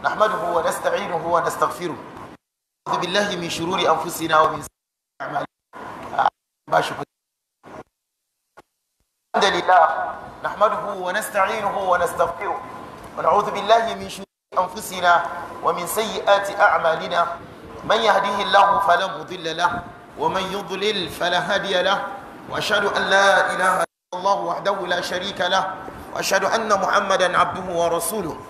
نحمده ونستعينه ونستغفره أعوذ بالله من شرور أنفسنا ومن سيئات أعمالنا الحمد لله نحمده ونستعينه ونستغفره ونعوذ بالله من شرور أنفسنا ومن سيئات أعمالنا من يهديه الله فلا مضل له ومن يضلل فلا هادي له وأشهد أن لا إله إلا الله وحده لا شريك له وأشهد أن محمدا عبده ورسوله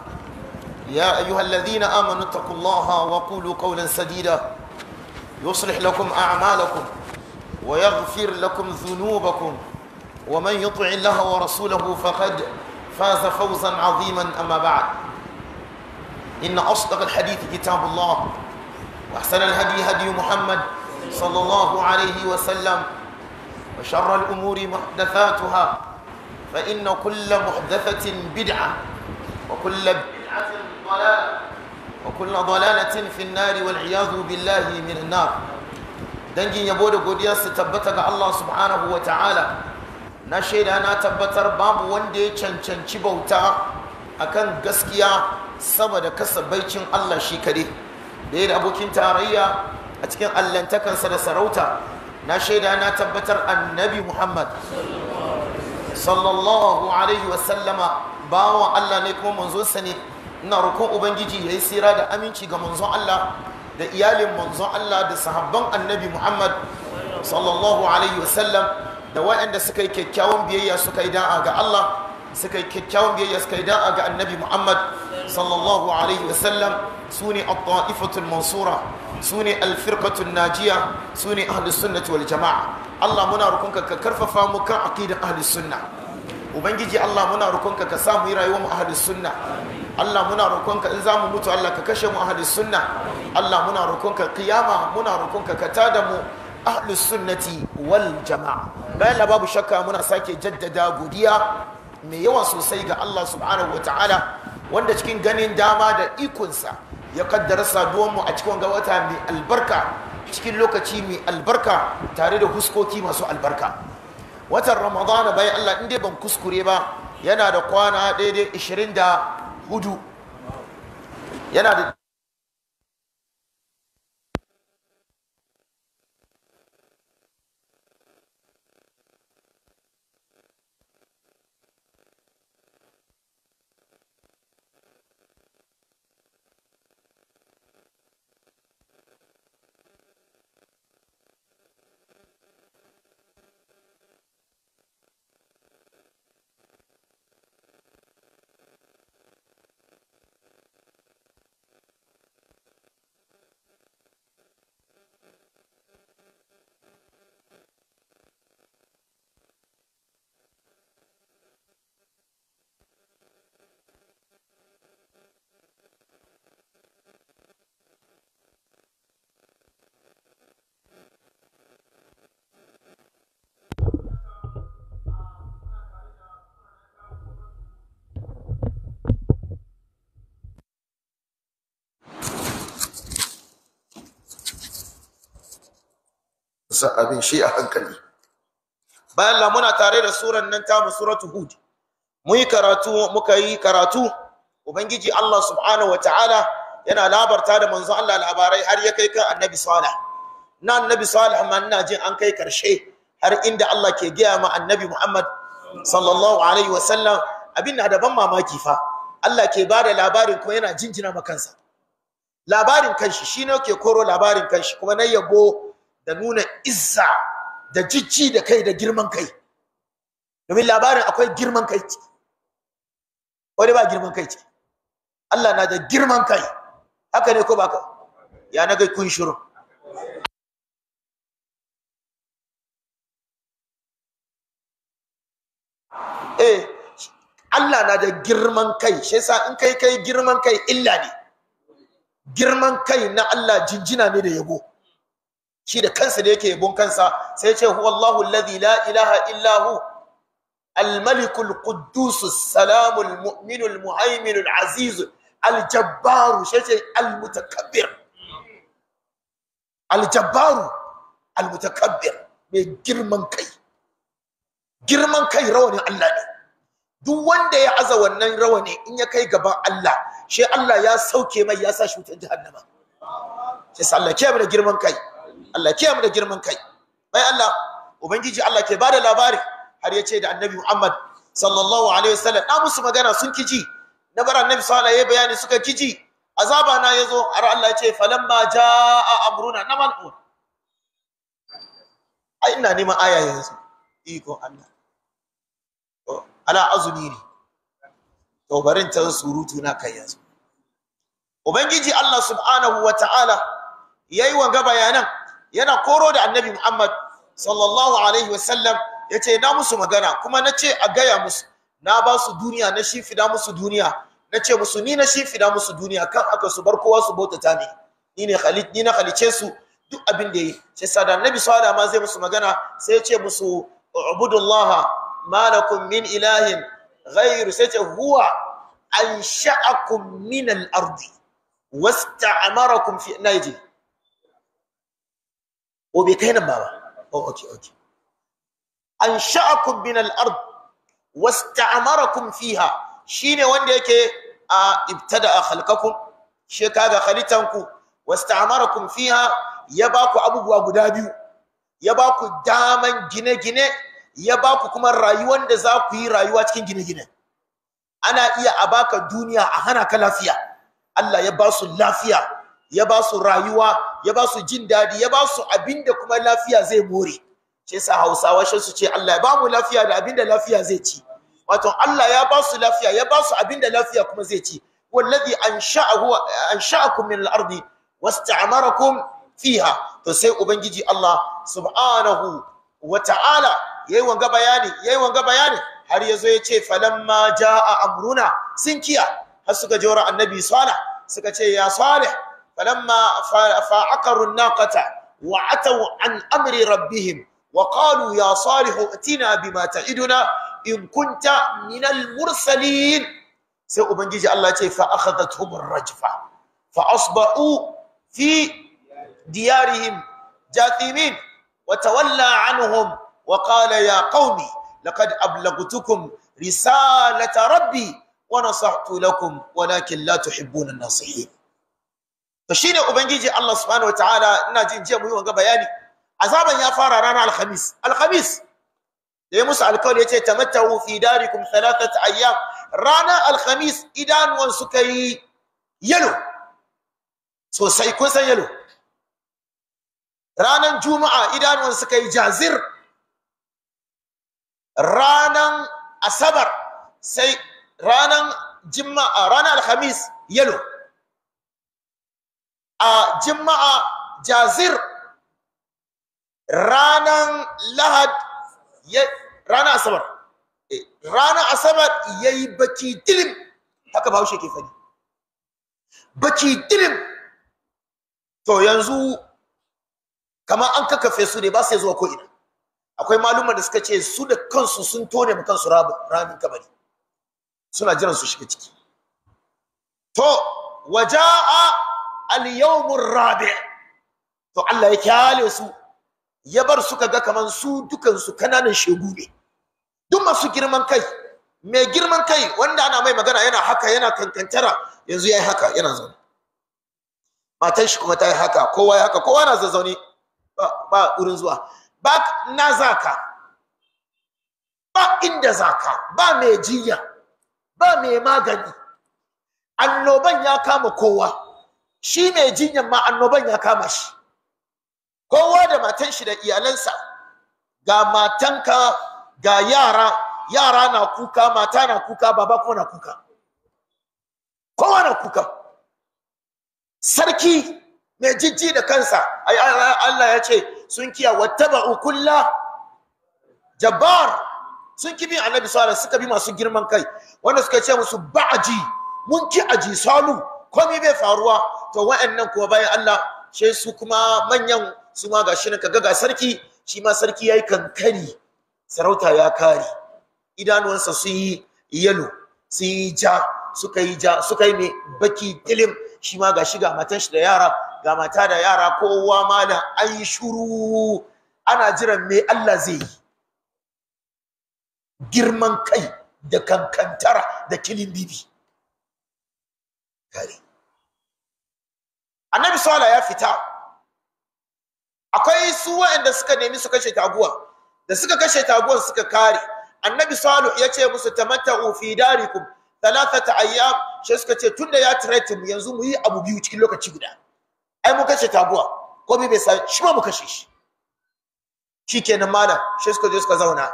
يا أيها الذين آمنوا اتقوا الله وقولوا قولا سديدا يصلح لكم أعمالكم ويغفر لكم ذنوبكم ومن يطع الله ورسوله فقد فاز فوزا عظيما أما بعد إن أصدق الحديث كتاب الله وأحسن الهدي هدي محمد صلى الله عليه وسلم وشر الأمور محدثاتها فإن كل محدثة بدعة وكل بدعة ضلالة وكل ضلالة في النار والعياذ بالله من النار dangin yabo da godiya su tabbata ga Allah subhanahu wa ta'ala na shaida na tabbatar babu wanda ya cancanci bauta akan gaskiya saboda da baicin Allah shi kare da ya da abokin tarayya a cikin allantakansa da sarauta na shaida na tabbatar annabi Muhammad sallallahu alaihi wasallama bawan Allah ne kuma manzonsa ne ina roƙon ubangiji ya yi tsira da aminci ga manzon Allah da iyalin manzon Allah da sahabban annabi Muhammad sallallahu alaihi wasallam da waɗanda suka yi kyakkyawan biyayya suka yi da'a ga Allah suka yi kyakkyawan biyayya suka yi da'a ga annabi Muhammad sallallahu alaihi wasallam su ne al-ta'ifatul mansura su ne al-firqatul najiya su ne ahlus sunnati wal jama'a Allah muna rukunka ka karfafa mu kan aqidan ahlus sunna ubangiji Allah muna rukunka ka samu rayuwar mu ahlus sunna Allah muna roƙonka in za mu mutu Allah ka kashe mu ahlus sunna Allah muna roƙonka kiyama muna roƙonka ka da mu ahlus sunnati wal jama'a bayan babu shakka muna sake jaddada godiya mai yawa sosai ga Allah subhanahu wataala wanda cikin ganin dama da ikonsa ya kaddara saduwanmu a cikin wata mai albarka cikin lokaci mai albarka tare da huskoki masu albarka watan ramadana bayan Allah in dai ban kuskure ba yana da kwana daidai 20 da hudu yana da abin shi a hankali bayan la muna tare da suran nan ta suratu hud mu yi karatu muka yi karatu ubangiji Allah subhanahu ta'ala yana labarta da manzo Allah labarai har ya kai kan annabi salih na annabi salih ma ina jin an kai karshe har inda Allah ke gaya ma annabi Muhammad sallallahu alaihi wasallam abin na daban mamaki fa Allah ke ba da labarin kuma yana jinjina ma kansa labarin kanshi shi ne ke koro labarin kanshi kuma na yabo da nuna izza da jijji da kai da girman kai domin labarin akwai girman kai ciki wani ba girman kai ciki Allah na da girman kai haka ne ko ba ka ya na kai kun shiru eh Allah na da girman kai shi yasa in kai kai girman kai illa ne girman kai na Allah jinjina ne da yabo shi da kansa da yake yabon kansa sai ce huwa Allahu alladhi la ilaha illa hu al-malikul quddus salamul mu'minul muhaiminul aziz al-jabbar sai ce al-mutakabbir al-jabbar al-mutakabbir mai girman kai girman kai rawanin Allah ne duk wanda ya aza wannan rawani in ya kai gaban Allah shi Allah ya sauke mai ya sa shi wutar jahannama sai Allah ke da girman kai Allah ke mu da girman kai bai Allah ubangiji Allah ke bada labari har yace da annabi Muhammad sallallahu alaihi wasallam na musu magana sun kiji na bar annabi sallallahu alaihi bayani suka kiji azaba na yazo har Allah yace falamma jaa amruna na mal'un ai ina neman aya yanzu iko Allah to ala azuni ne to barin ta surutu na kai yanzu ubangiji Allah subhanahu wataala yayi wanga bayanan yana koro da annabi Muhammad sallallahu alaihi wasallam ya ce na musu magana kuma na ce a gaya musu na ba su duniya na shi fida musu duniya na ce musu ni na shi fida musu duniya kan aka su bar kowa su bautata ne ni ne khalid ni na khalice su duk abin da yi sai sada annabi sallallahu zai musu magana sai ya ce musu ubudullaha malakum min ilahin ghairu sai ce huwa ansha'akum min al-ardi wasta'amarakum fi naiji o bai kai nan ba oh okay okay min al-ard wasta'amarakum fiha shine wanda yake a ibtada'a khalqakum she kaga khalitanku wasta'amarakum fiha ya baku abubuwa guda biyu ya baku daman gine-gine ya baku kuma rayuwar da za ku yi rayuwa cikin gine-gine ana iya a baka duniya a hana ka lafiya Allah ya ba su lafiya ya ba su rayuwa ya ba su jin daɗi ya ba su abin da kuma lafiya zai more shi sa hausawa shi su ce Allah ya ba mu lafiya da abin da lafiya zai ci wato Allah ya ba su lafiya ya ba su abin da lafiya kuma zai ci wallazi ansha'ahu ansha'akum min al-ardi wasta'marakum fiha to sai ubangiji Allah subhanahu wa ta'ala yayi wanga bayani yayi wanga bayani har yazo ya ce falamma jaa amruna sun kiya har suka jora annabi salih suka ce ya salih فلما فعقروا الناقة وعتوا عن أمر ربهم وقالوا يا صالح ائتنا بما تعدنا إن كنت من المرسلين سأبنجي الله تعالى فأخذتهم الرجفة فأصبحوا في ديارهم جاثمين وتولى عنهم وقال يا قوم لقد أبلغتكم رسالة ربي ونصحت لكم ولكن لا تحبون الناصحين to shine ubangiji Allah subhanahu wataala ina jin jiya muyi wanga bayani azaban ya fara ranar alhamis alhamis da ya musu alkawari ya ce tamattahu fi darikum thalathat ayyam ranar alhamis idanuwan suka yi yalo sosai kun san yalo ranar juma'a idanuwan suka yi jazir ranar asabar sai ranar jima'a ranar alhamis yalo a jima'a Jazir ranan Lahad ranar Asabar eh, ranar Asabar yayi baki dilim haka Bahaushe ke fadi baki dilim to yanzu kamar an kakafe su ne ba sai zuwa ko ina akwai malumar da suka ce su da kansu sun tone mu kansu ramin kabari suna jiran su shiga ciki to waja'a al-yawmur rabi' to Allah ya kyale su ya bar suka ga kaman su dukan su kananan shegu ne duk masu girman kai mai girman kai wanda ana mai magana yana haka yana kankantara yanzu yayi haka yana zaune matan shi kuma ta yi haka kowa ya haka kowa na zazzauni ba wurin zuwa ba na zaka ba inda zaka ba mai jinya ba mai magani annoban ya kama kowa shi mai jinyan ma annoban ya kama shi kowa da matan shi da iyalansa ga matanka ga yara yara na kuka mata na kuka baba kuma na kuka kowa na kuka sarki mai jijji da kansa Allah ya ce sun kiya wattaba'u kulla jabbar sun ki annabi sallallahu suka bi masu girman kai wanda suka ce musu ba'aji mun ki aji salu komai bai faruwa to wa'annan kuwa bayan Allah she su kuma manyan su ma gashi nan kaga ga sarki shi ma sarki yayi kankari sarauta ya kare idanuwansa sun yi yalo sun yi ja suka yi ja suka yi mai baki kilim, shi ma gashi ga matan shi da yara ga mata da yara kowa malam an shuru ana jiran me Allah zai yi girman kai da kankantara da kilin bibi kare annabi sala ya fita akwai su waɗanda suka nemi su kashe taguwa da suka kashe taguwan suka kare annabi salu ya ce musu ta fi darikum thalathata ayyam shi suka ce tunda ya tiraita mu yanzu mu yi abu biyu cikin lokaci guda ai mu kashe taguwa ko bai sa shi ma mu kashe shi kenan malam shi suka je suka zauna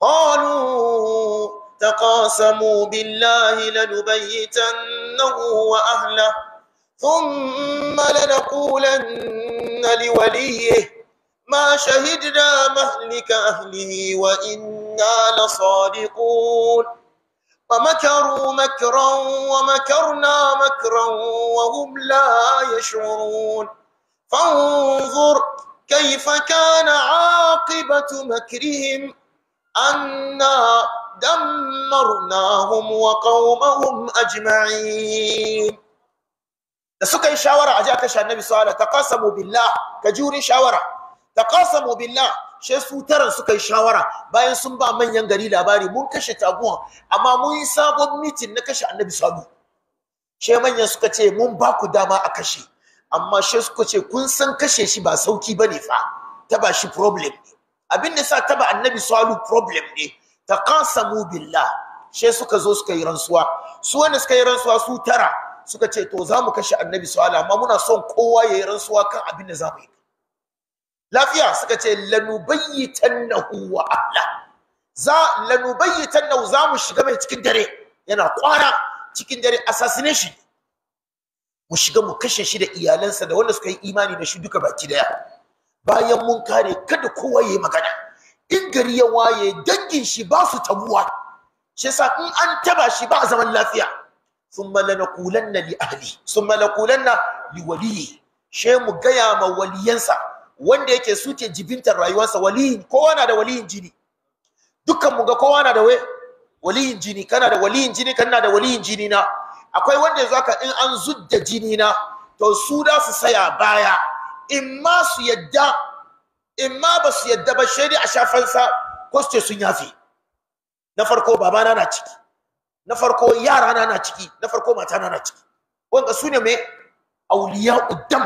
qalu taqasamu billahi lanubayyitannahu wa ahlihi ثم لنقولن لوليه ما شهدنا مهلك أهله وإنا لصادقون ومكروا مكرا ومكرنا مكرا وهم لا يشعرون فانظر كيف كان عاقبة مكرهم أنا دمرناهم وقومهم أجمعين da suka yi shawara a ji aka sha annabi sallallahu alaihi wasallam taqasamu billah ka jurin shawara taqasamu billah she su taran suka yi shawara bayan sun ba manyan gari labari mun kashe taguwa amma mun yi sabon meeting na kashe annabi sallallahu she manyan suka ce mun ba ku dama a kashe amma she suka ce kun san kashe shi ba sauki bane fa ba shi problem ne abin da sa taba annabi sallallahu problem ne taqasamu billah she suka zo suka yi rantsuwa su wanda suka yi rantsuwa su tara suka ce to za mu kashe annabi salih amma muna son kowa ya yi rantsuwa kan abin da za mu yi lafiya suka ce lanubayyitannahu wa ahla za lanubayyitannahu za mu shiga mai cikin dare yana kwana cikin dare assassination mu shiga mu kashe shi da iyalansa da wanda suka yi imani da shi duka baki daya bayan mun kare kada kowa ya yi magana in gari ya waye dangin shi ba su tabuwa shi yasa in an taba shi ba a zaman lafiya thumma lanaqulanna li ahli thumma lanaqulanna li waliyi she mu gaya ma waliyansa wanda yake suke jibintar rayuwarsa waliyin kowa na da waliyin jini dukkan mu ga kowa na da waliyin jini kana da waliyin jini kana da waliyin jini na akwai wanda yanzu haka in an zudda jini na to su da su saya baya in ma su yadda in ma ba su yadda ba shaidi a shafansa ko su ce sun yafe na farko babana na ciki na farko yara na na ciki na farko mata na na ciki kun su ne me auliya uddam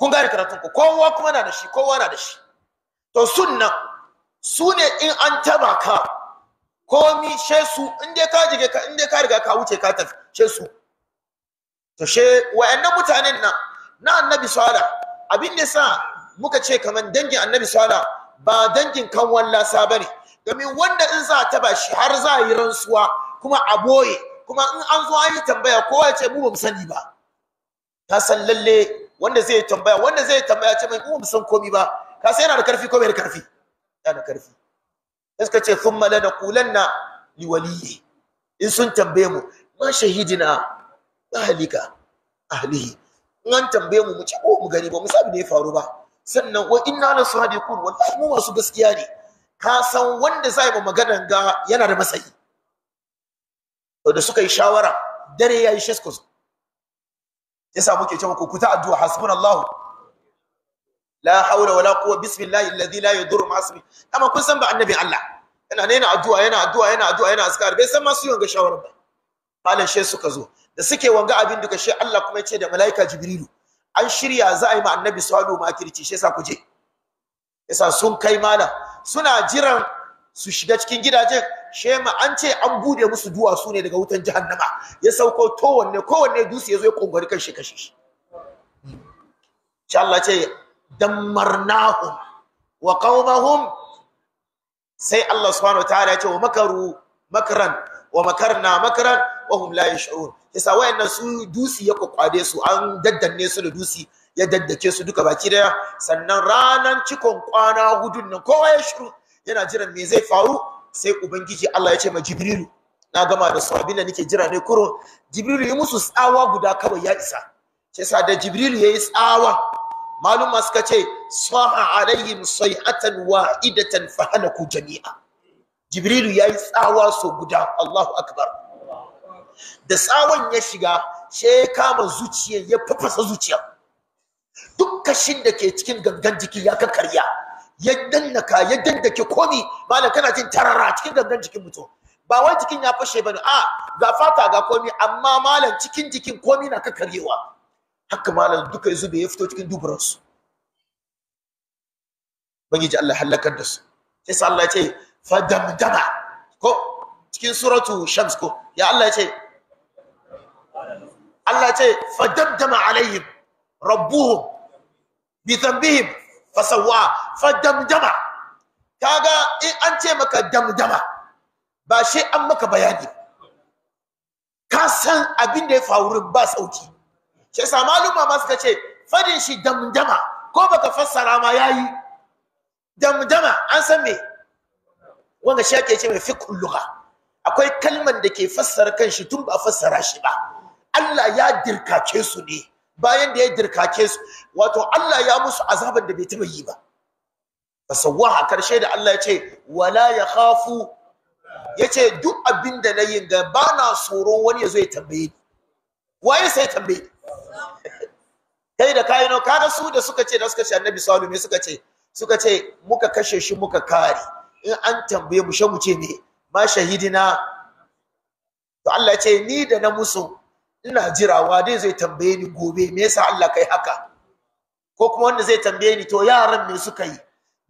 kun gane karatun ku kowa kuma na da shi kowa na da shi to sunna su ne in an tabaka ka komi she su in dai ka jige ka in dai ka riga ka wuce ka tafi she su to she wayannan mutanen nan na annabi sala abin da sa muka ce kaman dangin annabi sala ba dangin kan wallasa bane domin wanda in za ta bashi shi har za yi rantsuwa kuma a boye kuma in an zo an yi tambaya kowa ya ce mu bamu sani ba ka san lalle wanda zai tambaya wanda zai tambaya ce mai mu bamu san komi ba ka san yana da karfi ko bai da karfi yana da karfi sai suka ce thumma li waliyi in sun tambaye mu ma shahidina ahlika ahlihi in an tambaye mu mu ce ko oh, mu gani ba mu sabi da ya faru ba sannan wa inna la sadiqun wallahi mu masu gaskiya ne ka san wanda zai ba maganan ga yana da matsayi to da suka yi shawara dare ya yi yayi Ya yasa muke cewa ku kuta addu'a hasbunallahu la hawla wala quwwata bismillahi alladhi la yadurru ma ismi amma kun san ba annabi Allah yana ne yana addu'a yana addu'a yana addu'a yana askar bai san masu su ga shawarar. ba malan she suka zo da suke wanga abin duka shi Allah kuma ya ce da malaika jibrilu an shirya za a yi ma annabi salu ma kirci she sa ku je yasa sun kai malam suna jiran su shiga cikin She shema an ce an bude musu duwatsu ne daga wutan jahannama ya sauko to wanne kowanne dusu ya zo ya kongori kan shi kashe shi Allah ce dammarnahum wa qaumahum sai Allah subhanahu wataala ya ce wa makaru makran wa makarna makran wa hum la yash'un yasa wayannan su dusi ya kwakwade su an daddanne su da dusi ya daddake su duka baki daya sannan ranan cikon kwana hudun nan kowa ya shiru yana jiran me zai faru sai ubangiji Allah ya ce ma jibrilu na gama da su nake jira ne kurun jibrilu ya musu tsawa guda kawai ya isa ce sa da jibrilu yi tsawa maluma suka ce saha alaihim sayhatan wa'idatan fahalaku jami'a jibrilu yi tsawa so guda Allahu akbar da tsawon ya shiga she kama zuciya ya fafasa zuciya Dukkashin da ke cikin gangan jiki ya ka kakkarya ya dannaka ya ke komi malam kana jin tarara cikin gangan jikin mutum ba wai jikin ya fashe bane a ga fata ga komi amma malam cikin jikin komi na ka karyewa. haka malam duka yanzu bai fito cikin su bangiji Allah halakar da su sai Allah ya ce fadamdama ko cikin suratu shams ko ya Allah ya ce Allah ya ce fadamdama alaihim rabbuhum bi dhanbihim fasawa fadamdama kaga in an ce maka damdama ba shi an maka bayani ka san abin da ya faru ba sauki shi yasa maluma ma suka ce fadin shi damdama ko baka fassara ma yayi damdama an san me wanda shi ake ce mai fiqhul lugha akwai kalman da ke fassara kanshi tun ba fassara shi ba Allah ya dirkace su ne bayan da ya dirkake su wato Allah ya musu azaban da bai taba yi ba a karshe da Allah ya ce wala ya Ya ce duk abin da nayi ga na tsoro wani ya zo ya tambaye ni waye sai tambaye ni kai da kai no kaga su da suka ce da suka ce Annabi sallallahu alaihi suka ce suka ce muka kashe shi muka kare in an tambaye mu she mu ce ne ma shahidina to Allah ya ce ni da na musu ina jirawa dai zai tambaye ni gobe me yasa Allah kai haka ko kuma wanda zai tambaye ni to yaran me suka yi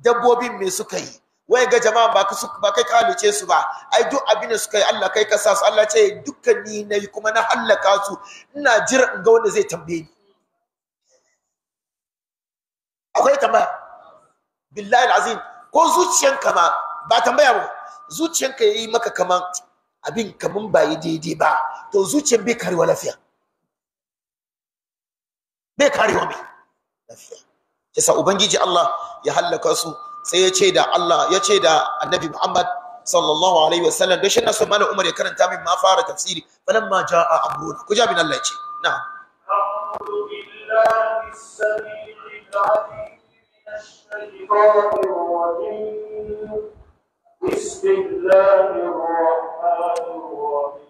dabbobin me suka yi wai ga jama'a ba ka ba kai halice su ba ai duk abin da suka yi Allah kai ka sa su Allah ce dukkan ni nayi kuma na halaka su ina jira in ga wanda zai tambaye ni akwai tambaya billahi alazim ko zuciyanka ma ba tambaya ba zuciyanka yayi maka kaman abin kaman ba yi daidai ba to zuciyar bai karewa lafiya bai karewa mai lafiya yasa ubangiji Allah ya hallaka su sai ya ce da Allah ya ce da annabi Muhammad sallallahu alaihi wasallam da shi na so malam Umar ya karanta min ma fara tafsiri falamma jaa amruna ku ja bin Allah ya ce Na. بسم الله الرحمن الرحيم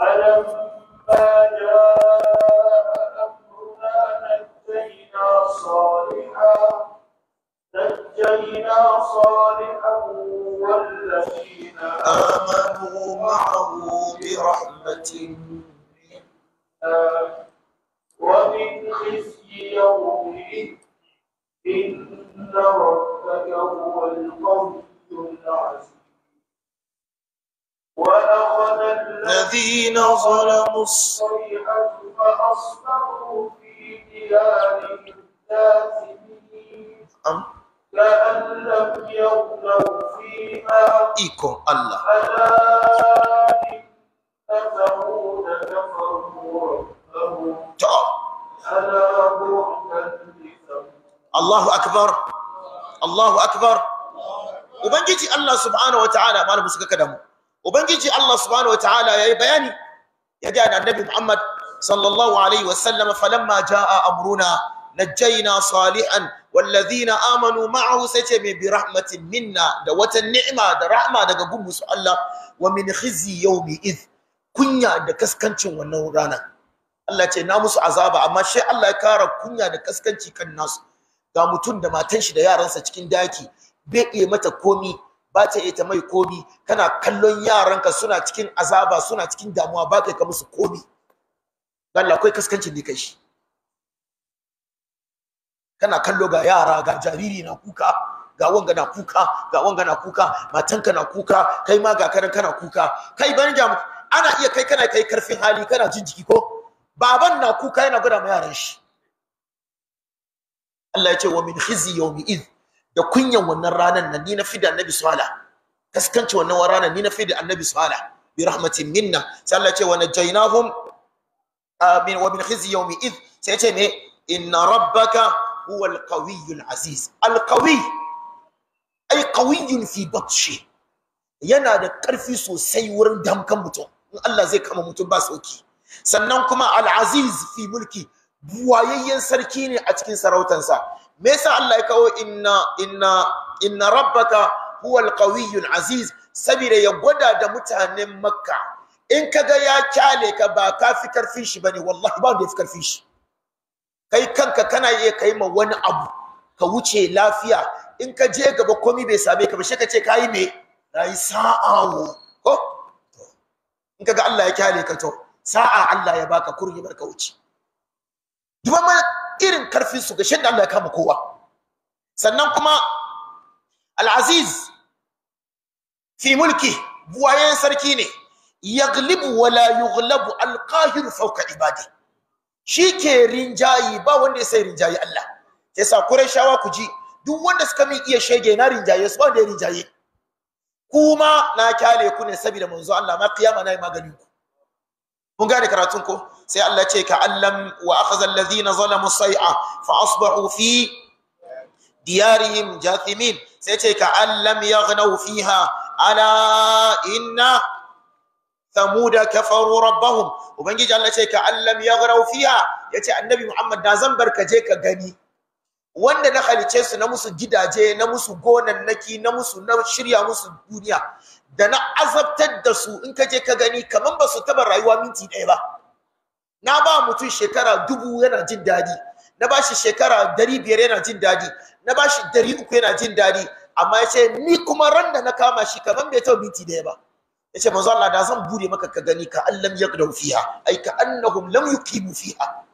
فلما جاء أمرنا نجينا صالحا نجينا صالحا والذين آمنوا معه برحمة منا ومن خزي يومئذ إن ربك هو القوي العزيز وأخذ الذين ظلموا الصيحة فأصبحوا في ديارهم جاثمين كأن لم يغنوا فيها إيكم الله ألا إن ثمود كفروا ربهم ألا بعدا الله أكبر الله أكبر Ubangiji Allah subhanahu wa ta'ala malamu suka kadamu ubangiji Allah subhanahu wataala yayi bayani ya ga annabi Muhammad sallallahu alaihi wasallam falamma jaa amruna najjayna salihan walladhina amanu ma'ahu sace mai bi rahmatin minna da wata ni'ima da rahma daga gumu su Allah wa min yau yawmi id kunya da kaskancin wannan rana Allah ce na musu azaba amma shi Allah ya kara kunya da kaskanci kan nasu ga mutum da matan shi da yaransa cikin daki bai iya mata komi ba ta ita mai komi kana kallon yaranka suna cikin azaba suna cikin damuwa ba kai ka musu komi Allah akwai kaskancin ne kai shi kana kallo ga yara ga jariri na kuka ga wanga na kuka ga wanga na kuka matanka na kuka kai ma ga karan kana kuka kai ban jamu ana iya kai kana kai karfin hali kana jin jiki ko baban na kuka yana gwada ma yaran shi Allah ya ce wa min khizi yawmi idh da kunyan wannan ranar nan ni na fi da annabi sala kaskanci wannan ranar ni na fi da annabi sala bi rahmatin minna sai Allah ce wa najaynahum min wa min khizi yawmi id sai ce ne inna rabbaka huwa alqawiyyul aziz alqawi ay qawiyyun fi batshi yana da karfi sosai wurin damkan mutum in Allah zai kama mutum ba sauki sannan kuma al-aziz fi mulki buwayayyen sarki ne a cikin sarautansa me yasa Allah ya kawo inna inna inna rabbaka huwal qawiyyul aziz saboda ya gwada da mutanen makka in kaga ya kyale ka ba ka fi karfin shi bane wallahi ba wanda ya fi karfin shi kai kanka kana iya kai ma wani abu ka wuce lafiya in ka je gaba komai bai same ka ba sai ka ce kai me nayi sa'a ko in kaga Allah ya kyale ka to sa'a Allah ya baka kurhi barka wuce duba irin karfin su gashin da Allah ya kama kowa sannan kuma al-aziz fi mulki buwayen sarki ne yaglibu wala yughlabu al-qahir fawqa ibadi shi ke rinjayi ba wanda ya sai rinjayi Allah yasa shawa ku ji duk wanda suka min iya shege na rinjaye su wanda ya rinjaye kuma na kyale ku ne saboda manzo Allah ma kiyama na yi maganin ku mun gane karatun ko sai Allah ce ka allam wa akhadha alladhina zalamu sai'a fa asbahu fi diyarihim jathimin sai ce ka allam yaghnaw fiha ala inna thamuda kafaru rabbahum ubangiji Allah ce ka allam yaghnaw fiha yace annabi Muhammad da zan barka je ka gani wanda na halice su na musu gidaje na musu gonannaki na musu na shirya musu duniya da na azabtar da su in ka je ka gani kamar ba su taba rayuwa minti ɗaya ba na ba mutum shekara dubu yana jin daɗi na ba shi shekara dari biyar yana jin daɗi na ba shi dari uku yana jin daɗi amma ya ce ni kuma ran da na kama shi kaman bai taɓa minti ɗaya ba ya ce manzo Allah da zan bude maka ka gani ka an lam yaqdaw fiha ai ka annahum lam yuqimu fiha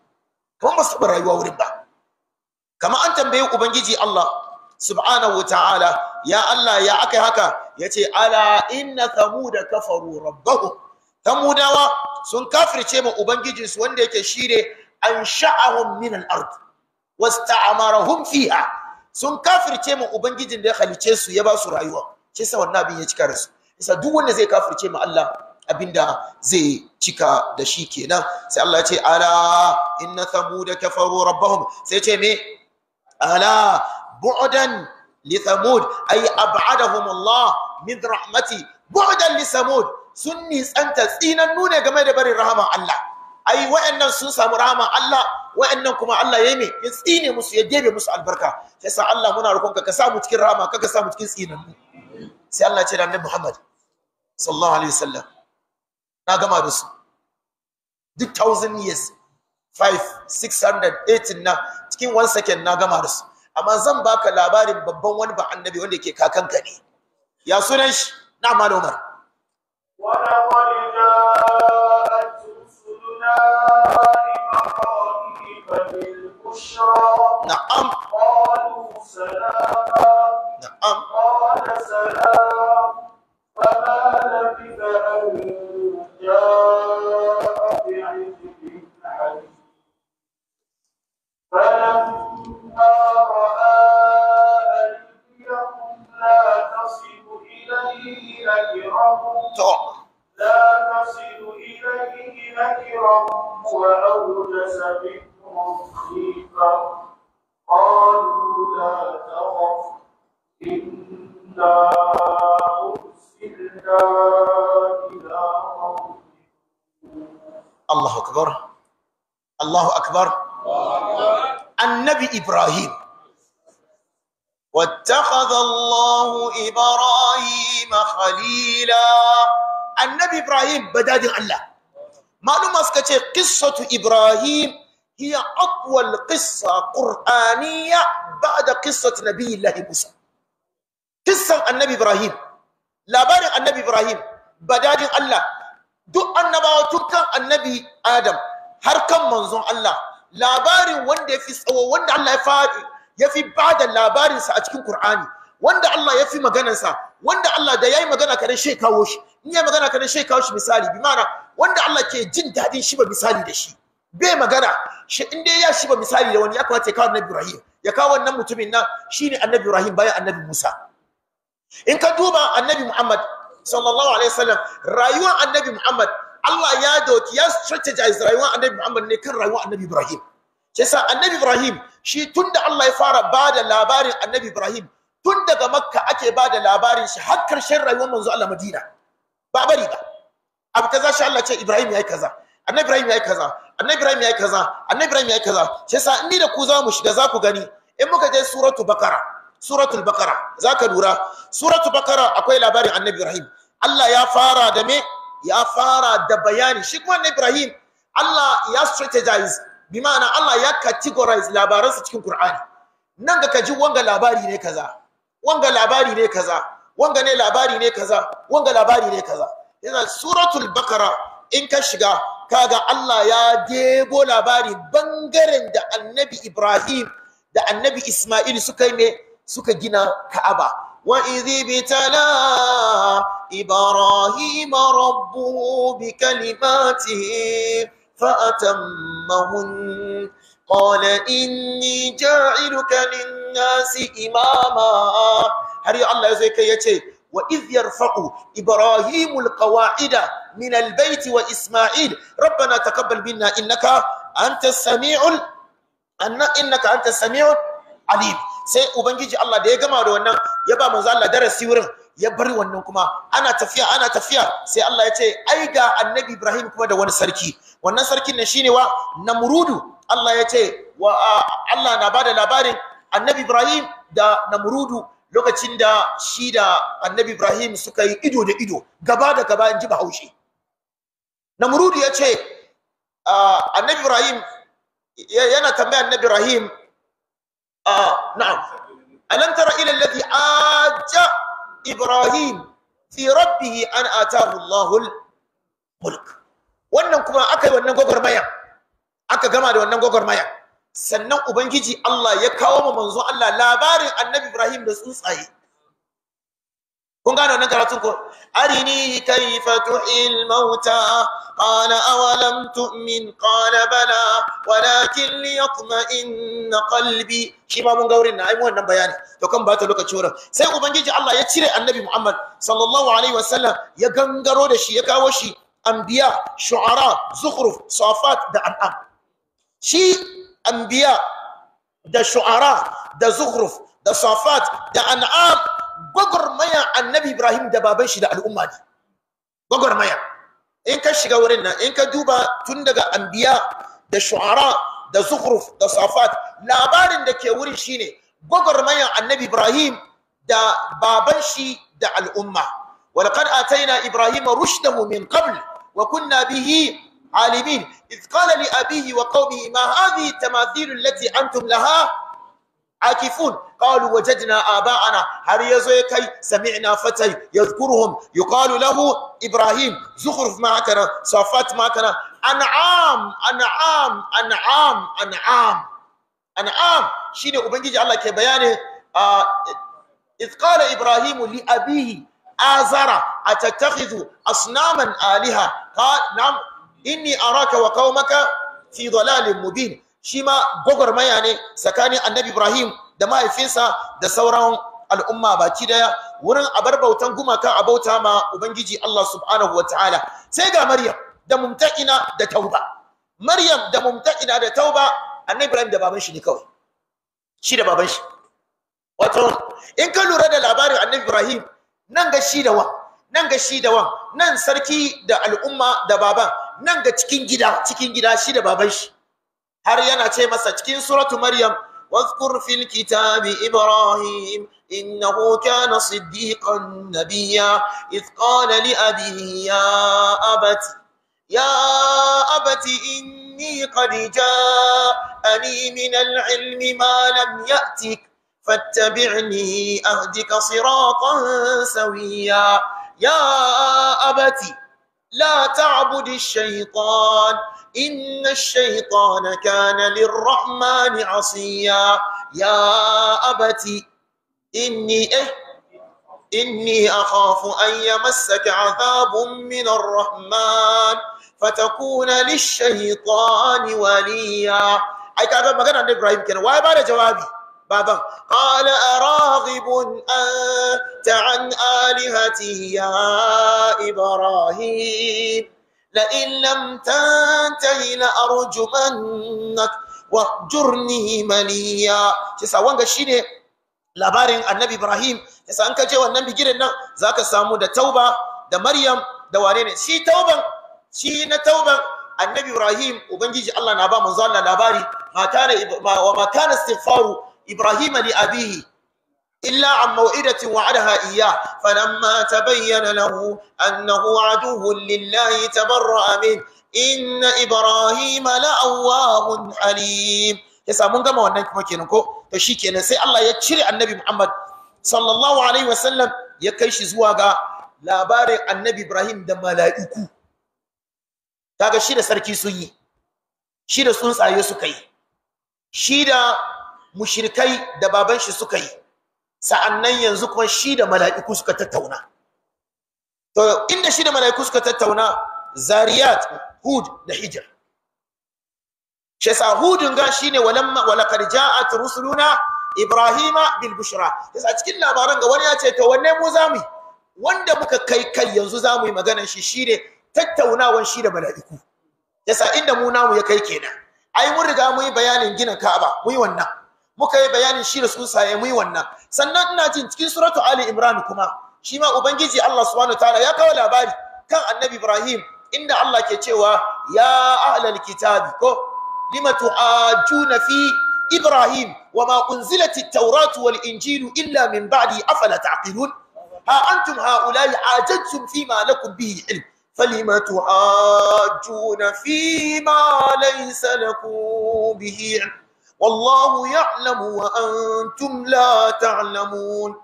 Kamar ba su taba rayuwa wurin ba kamar an tambaye ubangiji Allah subhanahu ta'ala ya Allah ya akai haka Ya ce ala inna thamuda kafaru rabbahum thamudawa sun kafirce ma ubangijinsu wanda yake shine ansha'ahum min al-ard wasta'amarahum fiha sun kafirce ma ubangijin da ya halice su ya ba su rayuwa shi wanne wannan abin ya cika su? yasa duk wanda zai kafirce ma Allah abinda zai cika da shi kenan sai Allah ya ce ala inna thamuda kafaru rabbahum sai ce me ala bu'dan li thamud ay ab'adahum Allah min rahmati bu'dan li sun nitsanta tsinan nune game da barin rahaman Allah ai wa'annan sun samu rahaman Allah wa'annan kuma Allah ya yi ya tsine musu ya gebe musu albarka sai Allah muna roƙonka ka samu cikin rahama ka samu cikin tsinan mu sai Allah ya ce da Muhammad alaihi na gama da duk thousand years na cikin one second na gama da su amma zan baka labarin babban wani ba annabi wanda yake kakanka ne ya sunan shi na umar ولقد جاءت قال سلام فما لبث أن وأوجس منهم خيفة قالوا لا تخف إنا أرسلنا إلى الله أكبر الله أكبر النبي إبراهيم واتخذ الله إبراهيم خليلا النبي إبراهيم بداد الله maluma suka ce qissatu ibrahim hiya aqwal qissa qur'aniyya ba'da qissati nabiyillahi musa kissan annabi ibrahim labarin annabi ibrahim badajin allah duk annabawa tun annabi adam har kan manzon allah labarin wanda ya fi tsawo wanda allah ya faɗi ya fi ba da labarinsa a cikin qur'ani wanda allah ya fi maganarsa wanda allah da ya yi magana kare shi kawo shi in ya magana kare shi kawo shi misali bi ma'ana wanda Allah ke jin dadin shi ba misali da shi bai magana shi in dai ya shi ba misali da wani ya kawo kawo annabi Ibrahim ya kawo wannan mutumin nan shine annabi Ibrahim bayan annabi Musa in ka duba annabi Muhammad sallallahu alaihi wasallam rayuwar annabi Muhammad Allah ya doki ya strategize rayuwar annabi Muhammad ne kan rayuwar annabi Ibrahim kisa annabi Ibrahim shi tunda Allah ya fara bada labarin annabi Ibrahim tun daga Makka ake bada labarin shi har karshen rayuwar manzo Allah Madina ba bari ba abu kaza shi Allah ce Ibrahim yayi kaza annabi Ibrahim yayi kaza annabi Ibrahim yayi kaza annabi Ibrahim yayi kaza shi yasa ni da ku za mu shiga za ku gani in muka je suratu bakara suratul bakara zaka lura suratu bakara akwai labarin annabi Ibrahim Allah ya fara da me ya fara da bayani shi kuma annabi Ibrahim Allah ya strategize bi ma'ana Allah ya categorize labaransa cikin Qur'ani nan ga kaji wanga labari ne kaza wanga labari ne kaza wanga ne labari ne kaza wanga labari ne kaza yana suratul bakara in ka shiga kaga Allah ya debo labari bangaren da annabi Ibrahim da annabi Ismail suka yi suka gina Ka'aba وإذ ابتلى إبراهيم ربه بكلماته فأتمهن قال إني جاعلك للناس إماما هل الله يزيك يتي وإذ يرفع إبراهيم القواعد من البيت وإسماعيل ربنا تقبل منا إنك أنت السميع أن إنك أنت السميع العليم sai ubangiji Allah da ya gama da wannan ya ba manzo Allah darasi wurin ya bari wannan kuma ana tafiya ana tafiya sai Allah ya ce ai ga annabi Ibrahim kuma da wani sarki wannan sarkin ne shine wa Namrudu Allah ya ce wa Allah na bada labarin annabi Ibrahim da Namrudu lokacin da shi da annabi Ibrahim suka yi ido da ido gaba da gaba in ji bahaushe namrudu ya ce annabi Ibrahim yana tambaya annabi Ibrahim na'am alam tara ila alladhi aja Ibrahim fi rabbih an atahu Allahul mulk wannan kuma aka wannan gwagwarmayan aka gama da wannan gwagwarmayan sannan ubangiji Allah ya kawo wa manzon Allah labarin annabi Ibrahim da tsuntsaye kun gane wannan karatun ko arini kayfa tuhil mauta qala awalam tu'min qala bala walakin liyatma'inna qalbi shi ba mun gaurin na ai wannan bayani to kan ta lokaci wurin sai ubangiji Allah ya cire annabi Muhammad sallallahu alaihi wasallam ya gangaro da shi ya kawo shi anbiya shu'ara zukhruf safat da an'am shi anbiya da shu'ara da zuhruf da safat da an'am gwagwarmaya annabi ibrahim da baban shi da al'umma ne gwagwarmaya in ka shiga wurin nan in ka duba tun daga anbiya da shu'ara da zuhruf da safat labarin da ke wurin shine gwagwarmayan annabi ibrahim da baban shi da al'umma walaqad Ibrahim ibrahima rushdahu min qabl wa kunna bihi عالمين إذ قال لأبيه وقومه ما هذه التماثيل التي أنتم لها عاكفون قالوا وجدنا آباءنا هل يزويكي سمعنا فتى يذكرهم يقال له إبراهيم زخرف معكنا صافات معكنا أنعام أنعام أنعام أنعام أنعام شيني أبنجي الله كبيانه بيانه آه، إذ قال إبراهيم لأبيه آزر أتتخذ أصناما آلهة قال نعم inni araka wa qaumaka fi dalalin mubin shi ma gwagwarmaya ne tsakanin annabi ibrahim da mahaifinsa da sauran al'umma baki daya wurin abar gumaka a ma ubangiji allah subhanahu wa ta'ala sai ga maryam da mumta'ina da tauba maryam da mumta'ina da tauba annabi ibrahim da baban shi ne kawai shi da baban shi wato in ka lura da labarin annabi ibrahim nan ga shi da wa nan ga shi da wa nan sarki da al'umma da baban nan ga cikin gida cikin gida shi da baban shi har yana ce masa cikin suratu maryam واذكر في الكتاب إبراهيم إنه كان صديقا نبيا إذ قال لأبيه يا أبت يا أبت إني قد جاءني من العلم ما لم يأتك فاتبعني أهدك صراطا سويا يا أبت لا تعبد الشيطان إن الشيطان كان للرحمن عصيا يا أبت إني إه إني أخاف أن يمسك عذاب من الرحمن فتكون للشيطان وليا أي كان عند إبراهيم كان واي جوابي baban qala araghibun anta an alihati ya ibrahim لئن لم تنتهي لأرجمنك واهجرني مليا kisa wanga shine labarin annabi Ibrahim kisa an kaje wannan bigiren nan zaka samu da tauba da Maryam da wane ne shi tauban shi na tauban annabi Ibrahim ubangiji Allah na ba manzo Allah labari mata ne wa mata istighfaru إبراهيم لأبيه إلا عن موعدة وعدها إياه فلما تبين له أنه عدو لله تبرأ منه إن إبراهيم لأواه حليم yasa mun gama wannan kuma kenan ko to shikenan sai Allah ya cire annabi Muhammad sallallahu alaihi wasallam ya kai shi zuwa ga labarin annabi Ibrahim da mala'iku kaga shi da sarki sun shi da tsuntsaye suka shi da Mushirikai da baban shi suka yi sa'annan yanzu kuma shi da mala'iku suka tattauna to inda shi da mala'iku suka tattauna zariyat hud da hijr shi sa hudun ga shine walamma walaqad ja'at rusuluna ibrahima bil bushra yasa cikin labaran ga wani ya ce to wanne mu zamu wanda muka kai kai yanzu zamu yi maganar shi shine tattaunawan shi da mala'iku yasa inda mu namu ya kai kenan ai mun riga mu yi bayanin gina Ka'aba mu yi wannan muka yi bayanin shi da tsuntsaye mu yi wannan sannan ina jin cikin suratu ali imran kuma shi ma ubangiji Allah subhanahu wataala ya kawo labari kan annabi ibrahim inda Allah ke cewa ya ahlal kitabi ko lima tu'ajuna fi ibrahim wa unzilat at-tauratu wal injilu illa min ba'di afala taqilun ha antum haula'i ajadtum fima lakum bihi ilm فلم تحاجون فيما ليس لكم به علم والله يعلم وأنتم لا تعلمون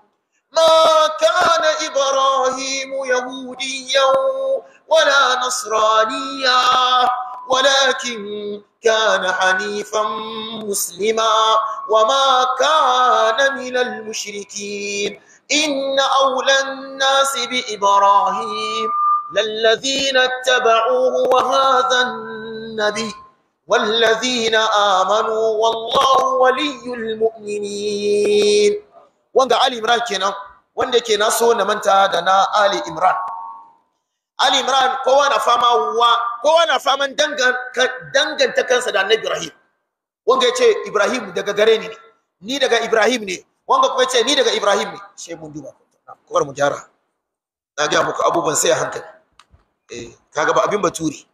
ما كان إبراهيم يهوديا ولا نصرانيا ولكن كان حنيفا مسلما وما كان من المشركين إن أولى الناس بإبراهيم للذين اتبعوه وهذا النبي والذين amanu, والله ولي المؤمنين wanga Ali Imran kenan wanda yake na so na manta da na Ali Imran Ali Imran kowa fama wa kowa na da Annabi Ibrahim wanga yace Ibrahim daga gare ni ni daga Ibrahim ne wanga kuma yace ni daga Ibrahim ne sai mun duba kowar mu jara na ga muku abubuwan sai a hankali eh kaga ba abin baturi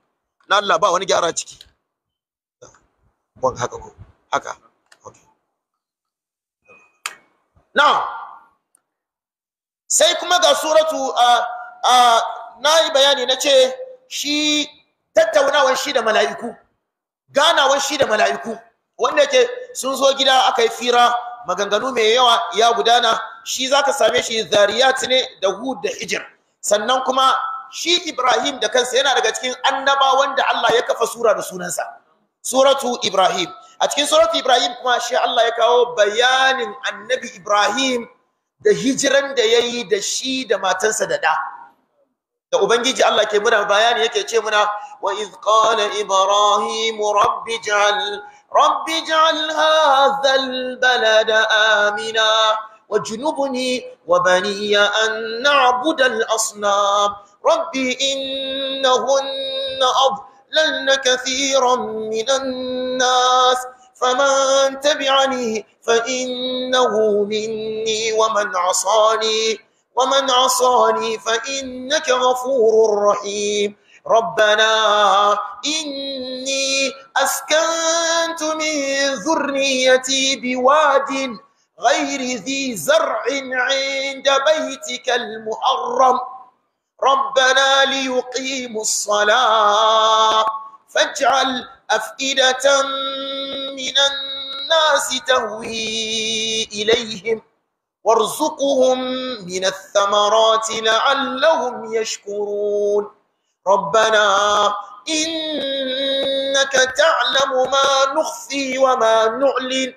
na Allah ba wani gyara ciki haka ko haka okay now sai kuma ga suratu a a nayi bayani nace shi tattaunawa shi da mala'iku ganawan shi da mala'iku wanda yake sun zo gida aka yi fira maganganu mai yawa ya gudana shi zaka same shi zariyat ne da hud da hijr sannan kuma shi Ibrahim da kansa yana daga cikin annabawan da Allah ya kafa sura da sunansa suratu Ibrahim a cikin suratu Ibrahim kuma shi Allah ya kawo bayanin annabi Ibrahim da hijiran da yayi da shi da matansa da da da ubangiji Allah ke muna bayani yake ce muna wa iz qala ibrahim rabbi ja'al rabbi ja'al hadha albalada amina وجنبني وبني أن نعبد الأصنام ربي إنهن أضل لن كثيرا من الناس فمن تبعني فإنه مني ومن عصاني ومن عصاني فإنك غفور رحيم ربنا إني أسكنت من ذريتي بواد غير ذي زرع عند بيتك المحرم ربنا ليقيموا الصلاة فاجعل أفئدة من الناس تهوي إليهم وارزقهم من الثمرات لعلهم يشكرون ربنا إنك تعلم ما نخفي وما نعلن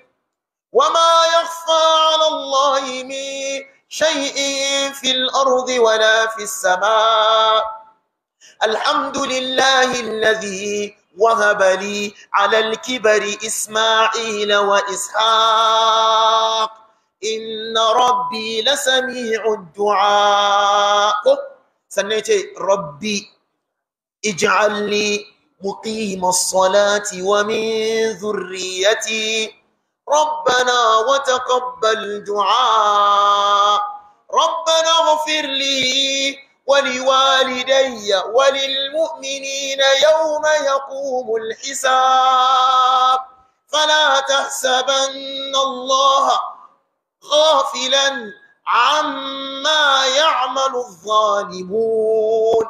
وما يخفى على الله من شيء في الأرض ولا في السماء الحمد لله الذي وهب لي على الكبر إسماعيل وإسحاق إن ربي لسميع الدعاء سنيتي ربي اجعل لي مقيم الصلاة ومن ذريتي ربنا وتقبل دعاء ربنا اغفر لي ولوالدي وللمؤمنين يوم يقوم الحساب فلا تحسبن الله غافلا عما يعمل الظالمون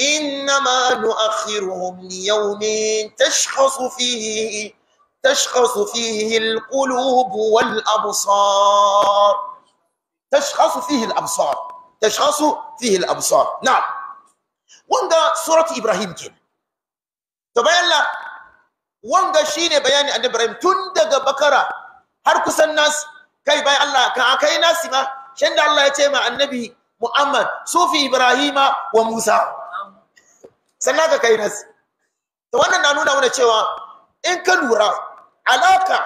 انما نؤخرهم ليوم تشخص فيه تشخص فيه القلوب والأبصار تشخص فيه الأبصار تشخص wanga Ibrahim ke to bayan la wanga shine bayani annabi Ibrahim tun daga bakara har kusan nas kai bayan Allah kan akai nasi ma shin da Allah ya ce ma annabi Muhammad sufi Ibrahima wa Musa sannan ka kai nasi to wannan na nuna mana cewa in ka lura alaka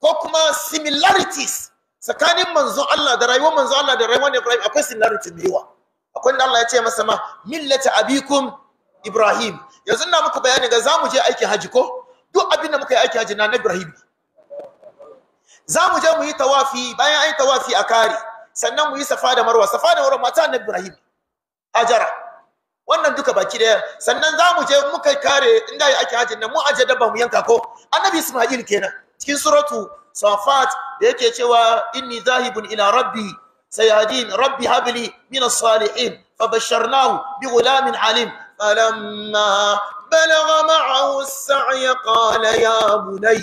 ko kuma similarities tsakanin manzo Allah da rayuwar manzo Allah da rayuwar Ibrahim akwai similarity da yawa akwai inda Allah ya ce masa ma millata abikum Ibrahim yanzu na muku bayani ga zamu je aikin haji ko duk abin da muka yi aikin haji na Ibrahim zamu je mu yi tawafi bayan an yi tawafi a kare sannan mu yi safa da marwa safa da marwa mata na Ibrahim ajara wannan duka baki daya sannan za mu je muka kare inda ya ake hajjin na mu aje dabba mu yanka ko annabi isma'il kenan cikin suratu safat da yake cewa inni zahibun ila rabbi sayadin rabbi habli min as-salihin fabasharnahu bi ghulamin alim falamma balagha ma'ahu as-sa'y qala ya bunay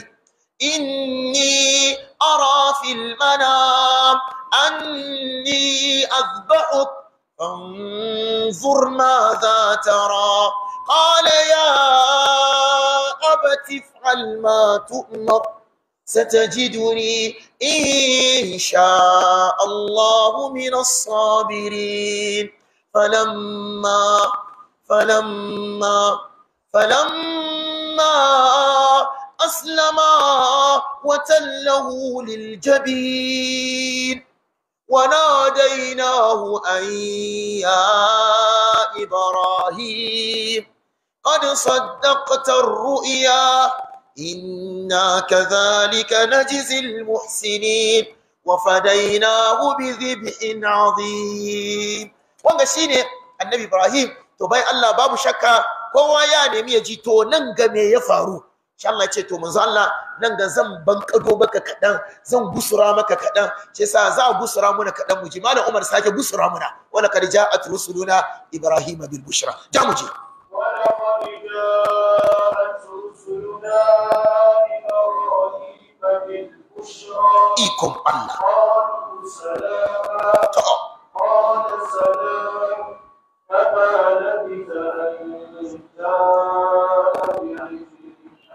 inni ara fil manam anni azbahuk فانظر ماذا ترى قال يا أبت افعل ما تؤمر ستجدني إن شاء الله من الصابرين فلما فلما فلما أسلما وتله للجبين وناديناه أن يا إبراهيم قد صدقت الرؤيا إنا كذلك نجزي المحسنين وفديناه بذبح عظيم wanga shine annabi Ibrahim to bai Allah babu shakka kowa ya nemi ya ji to nan ga me ya faru shi Allah ce to manzo Allah nan ga zan bankado maka kadan zan gusura maka kadan shi yasa za a gusura muna kadan mu ji malam Umar sake gusura muna wala kad ja'at rusuluna ibrahima bil bushra ja mu ji wala kad ja'at rusuluna ibrahima bil bushra ikum Allah to qala salam فما لبث أن جاء بعجل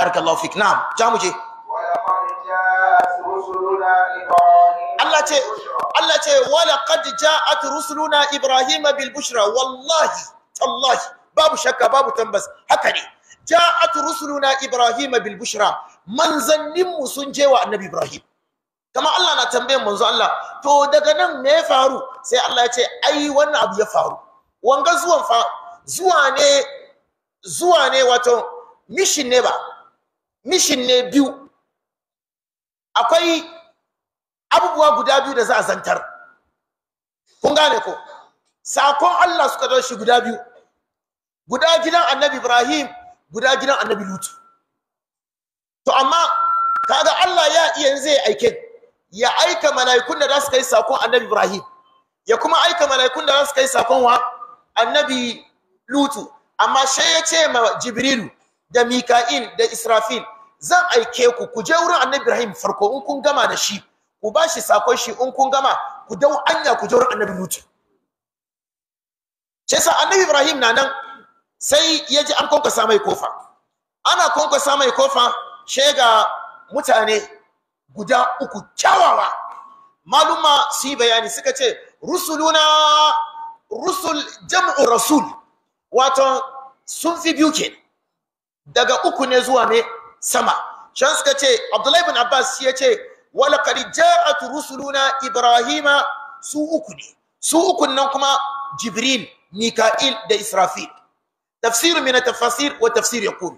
barakallahu fik na'am ja mu je Allah ce Allah ce wala qad ja'at rusuluna ibrahim bil bushra wallahi tallahi babu shakka babu tambas haka ne ja'at rusuluna ibrahim bil bushra manzanninmu sun je wa annabi ibrahim kama Allah na tambayan manzo Allah to daga nan me ya faru sai Allah ya ce ai wannan abu ya faru wanga zuwan fa zuwa ne zuwa ne wato mission ne ba mishin ne biyu akwai abubuwa guda biyu da za a zantar kun gane ko sakon Allah suka zo shi guda biyu guda gidan annabi Ibrahim guda gidan annabi Lutu to amma kaga Allah ya iya zai aike ya aika mala'ikun da za su kai sakon annabi Ibrahim ya kuma aika mala'ikun da za su kai sakon wa annabi Lutu amma sai ya ce ma Jibrilu da mika'il da israfil zan aike ku ku je wurin annabi ibrahim farko in kun gama da shi ku ba shi sakon shi in kun gama ku dau anya ku je wurin annabi Lut shi sa annabi ibrahim na nan sai ya ji an kwankwasa mai kofa ana kwankwasa mai kofa shega mutane guda uku kyawawa maluma su yi bayani suka ce rusuluna rusul jam'u rasul wato sun fi biyu kenan daga uku ne zuwa ne sama shan suka ce abdullahi bin abbas ya ce wala ja'at rusuluna ibrahima su uku ne su nan kuma jibril mika'il da israfil tafsir min tafasir wa tafsir yaqul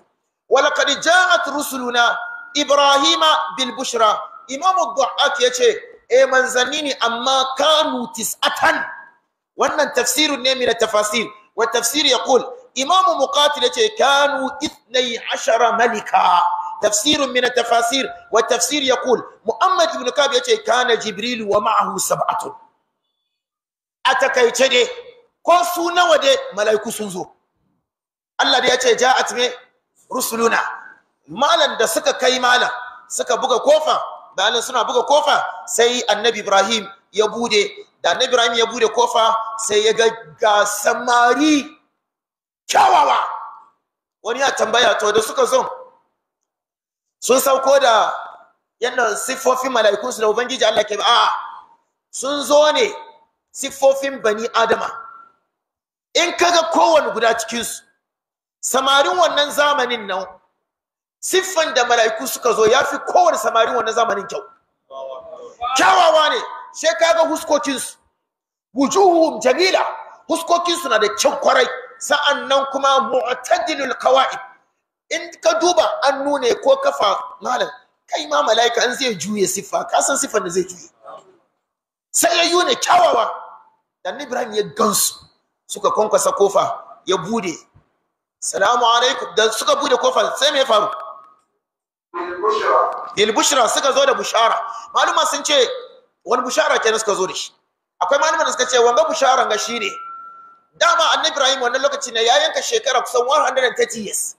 wala qad ja'at rusuluna ibrahima bil bushra imam ad-du'at yace e eh, manzanni ne amma kanu tis'atan wannan tafsirin ne min tafasir wa tafsir yaqul imamu muqatil yace kanu ithnai ashara malika تفسير من التفاسير والتفسير يقول محمد بن كعب يتي كان جبريل ومعه سبعة أتكيتي دي كون سونا ودي ملايكو سنزو الله دي يتي جاءت مي رسلنا مالا دا سكا كي مالا سكا بغا كوفا بانا سنا بغا كوفا سي النبي إبراهيم يبودي da annabi Ibrahim ya bude kofa sai ya ga ga samari kyawawa wani ya tambaya to da suka zo sun sauko da yadda siffofin mala'ikunsu da ubangiji Allah ke a sun zo ne siffofin bani adama in kaga kowane guda cikinsu samarin wannan zamanin nan siffan da mala'iku suka zo ya fi kowane samarin wannan zamanin kyau kyawawa ne sai kaga huskokinsu wujuhum jamila huskokinsu na da kyau kwarai sa'annan kuma mu'tadilul qawaid in ka duba an nune ko kafa malam kai ma malaika an zai juye siffa ka san siffar da zai juye sai ya yune kyawawa dan Ibrahim ya gansu suka kwankwasa kofa ya bude salamu alaikum dan suka bude kofa sai me ya faru Il bushra suka zo da bushara maluma sun ce wani bushara kenan suka zo da shi akwai maluma da suka ce wanga bushara ga shine dama annabi ibrahim wannan lokaci ne ya yanka shekara kusan 130 years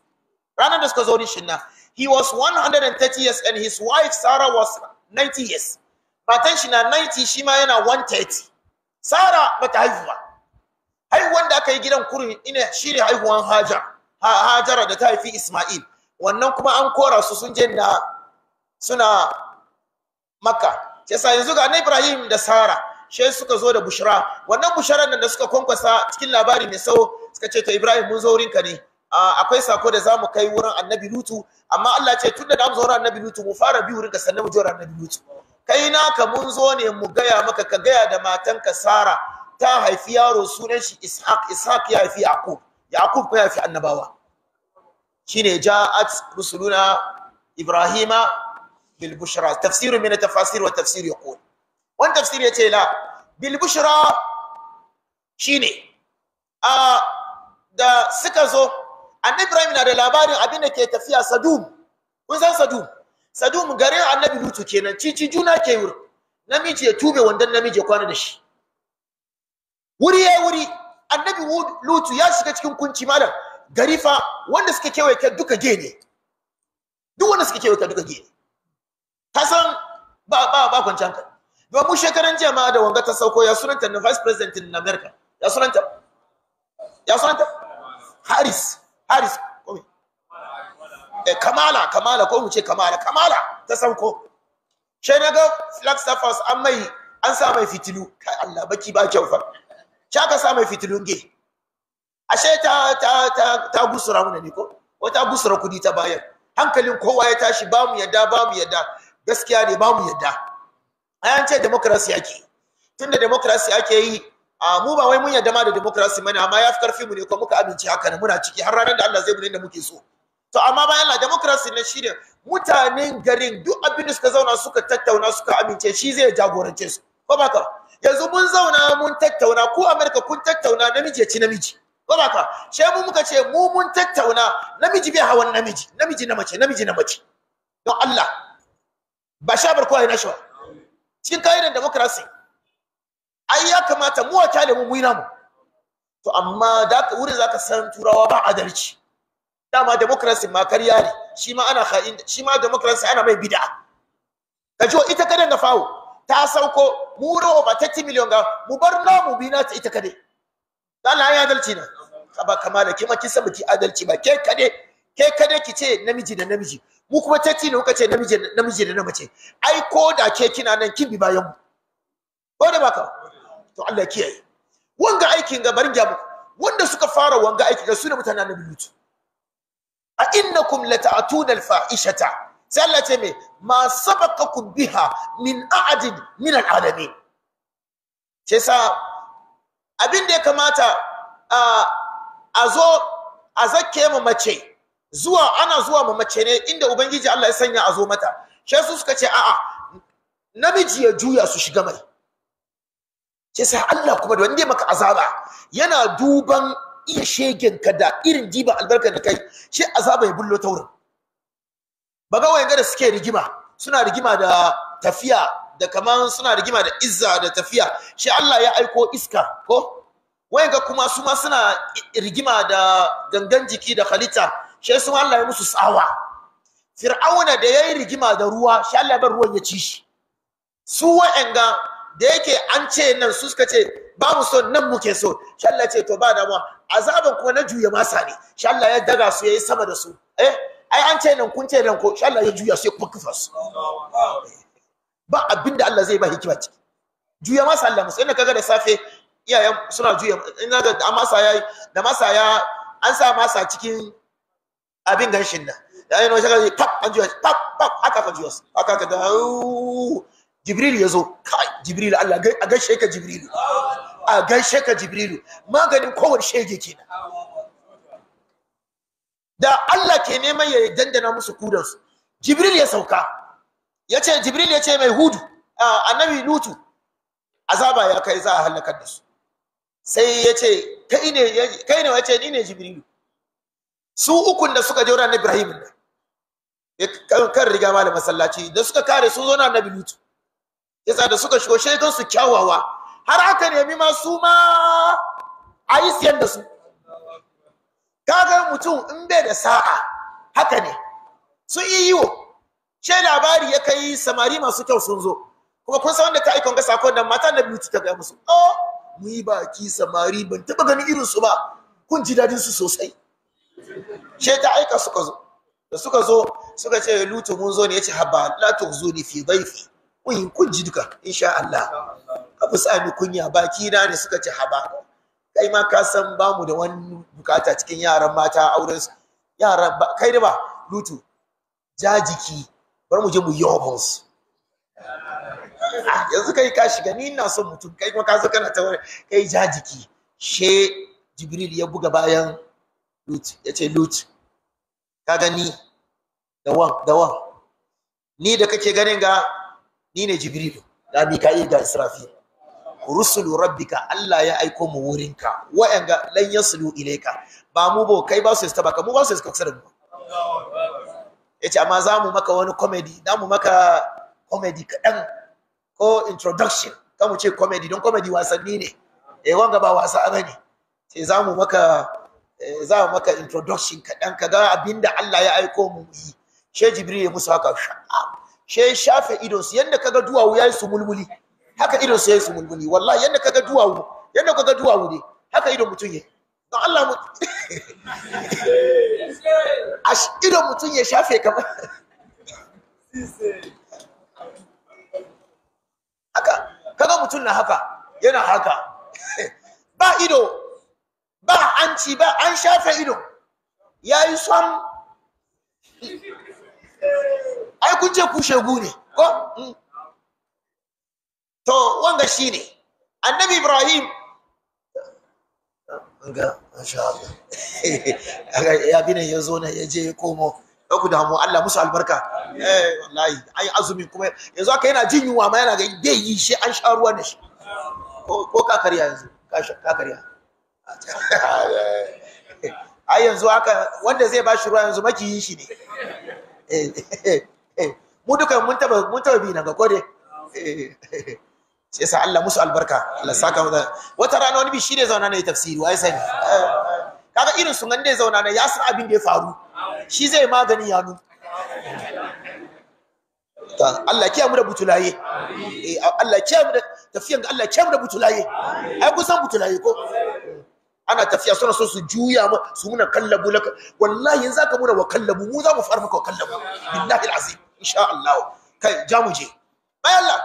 ranar da suka zo ni shinna he was 130 years and his wife sarah was 90 years matan shi na 90 shi ma yana 130 sarah bata haihu ba haihuwan da aka yi gidan kurin ina ne haihuwan hajar hajara da ta haifi isma'il wannan kuma an kora su sun je na suna makka sai yanzu ga annabi ibrahim da sarah she suka zo da bushara. wannan busharar nan da suka kwankwasa cikin labari mai sau suka ce to Ibrahim mun zo wurinka ne akwai sako da zamu kai wurin Annabi Lutu amma Allah ce tun da mu zo wurin Annabi Lutu mu fara bi wurin ka sannan mu je wurin Annabi Lutu kai naka mun zo ne mu gaya maka ka gaya da matanka Sara ta haifi yaro sunan shi Ishaq Ishaq ya haifi Yaqub Yaqub ko ya haifi annabawa shine ja'at rusuluna Ibrahima bil bushra tafsirun min tafasir wa tafsir yaqul wan tafsir yace la bil bushra shine a da suka zo annabi Ibrahim na da labarin abin da ke tafiya Sadum kun san Sadum Sadum gare annabi Lutu kenan cici juna ke wuri namiji ya tube wandan namiji ya kwana da shi wuri ya wuri annabi Lutu ya shiga cikin kunci malam Garifa wanda suka kewaye ka duka gene duk wanda suka kewaye ka duka gene kasan ba ba ba kwanciyar hankali domin shekaran jama'a da wanga ta sauko ya sunanta ni vice president in america ya sunanta ya sunanta harris harris eh kamala kamala ko mu ce kamala kamala ta sauko shi na ga staffers an mai an sa mai fitilu kai allah baki ba kyau fa shi aka sa mai fitilun ge ashe ta ta ta ta gusura mu ne ko ko ta gusura kudi ta bayan hankalin kowa ya tashi ba mu yadda ba mu yadda gaskiya ne ba mu yadda an ce demokrasi ake tunda demokrasi ake yi mu ba wai mun yarda ma da demokrasi mana amma ya fi karfi mu ne ko muka amince haka ne muna ciki har ranar da Allah zai mu da muke so to amma bayan na demokrasi ne shine mutanen garin duk abin da suka zauna suka tattauna suka amince shi zai jagorance su ko yanzu mun zauna mun tattauna ko America kun tattauna namiji ya ci namiji ko ka mu muka ce mu mun tattauna namiji bai hawan namiji namiji na mace namiji na mace don Allah ba shabar ko ai na shawara cikin ka'idar democracy ai ya kamata mu wata da mu namu to amma da ka wurin zaka san turawa ba adalci dama democracy ma kariya ne shi ma ana kha'in shi ma democracy ana mai bid'a ka wa ita kadan na fawo ta sauko mu rawa ba 30 million ga mu bar namu bi na ta ita kade Allah ya adalci na ba kamala kima kin san adalci ba ke kade ke kade ki ce namiji da namiji mu kuma tati ne kuka ce namiji namiji da na mace ai ko da ke kina nan kin bi bayan mu ko da baka to Allah kiyaye wanga aikin ga barin ga wanda suka fara wanga aikin ga sune mutanen annabi lutu a innakum lata'tuna al-fa'ishata sai Allah ce me ma sabaqakum biha min a'adin min al-alamin sai sa abin da ya kamata a zo a zakke mu mace zuwa ana zuwa ma mace ne inda ubangiji Allah ya sanya a zo mata shi su suka ce a'a namiji ya juya su shiga mai Ke sai Allah kuma da wanda maka azaba yana duban iya shegen ka da irin diba albarka da kai shi azaba ya bullo taurin baga wayan da suke rigima suna rigima da tafiya da kaman suna rigima da izza da tafiya shi Allah ya aiko iska ko wayan ga kuma su ma suna rigima da gangan jiki da halitta shi sun Allah ya musu tsawa fir'auna da yayi rigima da ruwa shi Allah bar ruwan ya ci shi su wa'anga da yake an ce nan su suka ce ba mu so nan muke so shi Allah ce to ba mu azaban kuma na juya masa ne shi Allah ya daga su yayi sama da su eh ai an ce nan kun ce nan ko shi Allah ya juya su ya kuma kufa su ba abinda Allah zai ba hikima ciki juya masa Allah musu ina kaga da safe iyayen suna juya ina ga da masa yayi da masa ya an sa masa cikin abin ganshin nan da ainihin wasu kaji pap an juya pap pap haka ka juya haka ka da jibril ya zo kai jibril allah a gaishe ka jibril a gaishe ka jibril maganin kowane shege kenan da allah ke neman ya dandana musu su jibril ya sauka ya ce jibril ya ce mai hudu annabi lutu azaba ya kai za a halakar da su sai ya ce kai ne ya ce ni ne jibril su ukun da suka je na Ibrahim Ibrahim kan riga malam masallaci da suka kare su zo na annabi Lutu yasa da suka shigo shegan su kyawawa har aka nemi ma su ma ayi siyan da su kaga mutum in bai da sa'a haka ne su iyo she labari ya kai samari masu kyau sun zo kuma kun san wanda ta aikon ga sakon nan mata annabi Lutu ta ga musu oh mu yi baki samari ban taba ganin irin su ba kun ji dadin su sosai she ta aika suka zo da suka zo suka ce lutu mun zo ne yace haba la tughzuni fi dhayfi kun kun ji duka insha Allah ka sami kunya baki na ne suka ce haba kai ma ka san ba mu da wani bukata cikin yaran mata auren su yaran ba kai da ba lutu jajiki bar mu je mu yobon su ah, yanzu kai ka shiga ni ina son mutum kai kuma ka zo kana ta kai jajiki she jibril ya buga bayan lut ya ce lut ka gani da wan da wan ni da kake ganin ga ni ne Jibril da mika'il da israfil rusulu rabbika Allah ya aiko mu wurinka wa'anga lan yaslu ilayka ba mu bo kai ba su ta ka mu ba su kusa da mu yace amma za mu maka wani comedy za mu maka comedy kadan ko introduction Kamu ce comedy don comedy wasanni ne eh wanga ba wasa bane sai za mu maka Eh, za mu maka introduction kaɗan ka ga abinda Allah ya aiko mu yi she jibril ya musu haka she shafe idon su yanda kaga duwawu yayi su mulmuli haka idon su yayi su mulmuli wallahi yanda kaga duwawu yanda kaga duwawu ne haka idon mutun yayi don Allah mu ash idon mutun ya shafe kamar haka kaga mutun na haka yana haka ba ido ba an ci ba an shafe ido ya yi son. ai kun ce ku shegu ne ko mm. to wanga shi ne annabi ibrahim ga masha Allah ya bi ne ya zo na ya je ya komo ba da mu Allah musu albarka eh wallahi ai azumi kuma yanzu aka yana jin yunwa ma yana ga dai yi shi an sha ruwa da shi ko ka karya yanzu ka karya ai yanzu haka wanda zai bashi ruwa yanzu makiyin shi ne mu dukan mun taba mun taba bi nan ga kode sai sa Allah musu albarka Allah saka mu wata rana wani bi shi ne zauna ne tafsiri wai sai kaga irin su gande zauna ne ya san abin da ya faru shi zai magani ya nu Allah kiyaye mu da butulaye eh Allah kiyaye mu da tafiyan Allah kiyaye mu da butulaye ai kusan butulaye ko ana tafiya suna so su juya ma su muna kallabu laka wallahi yanzu aka muna wa kallabu mu za mu fara maka wa kallabu billahi alazim insha Allah kai ja mu je bai Allah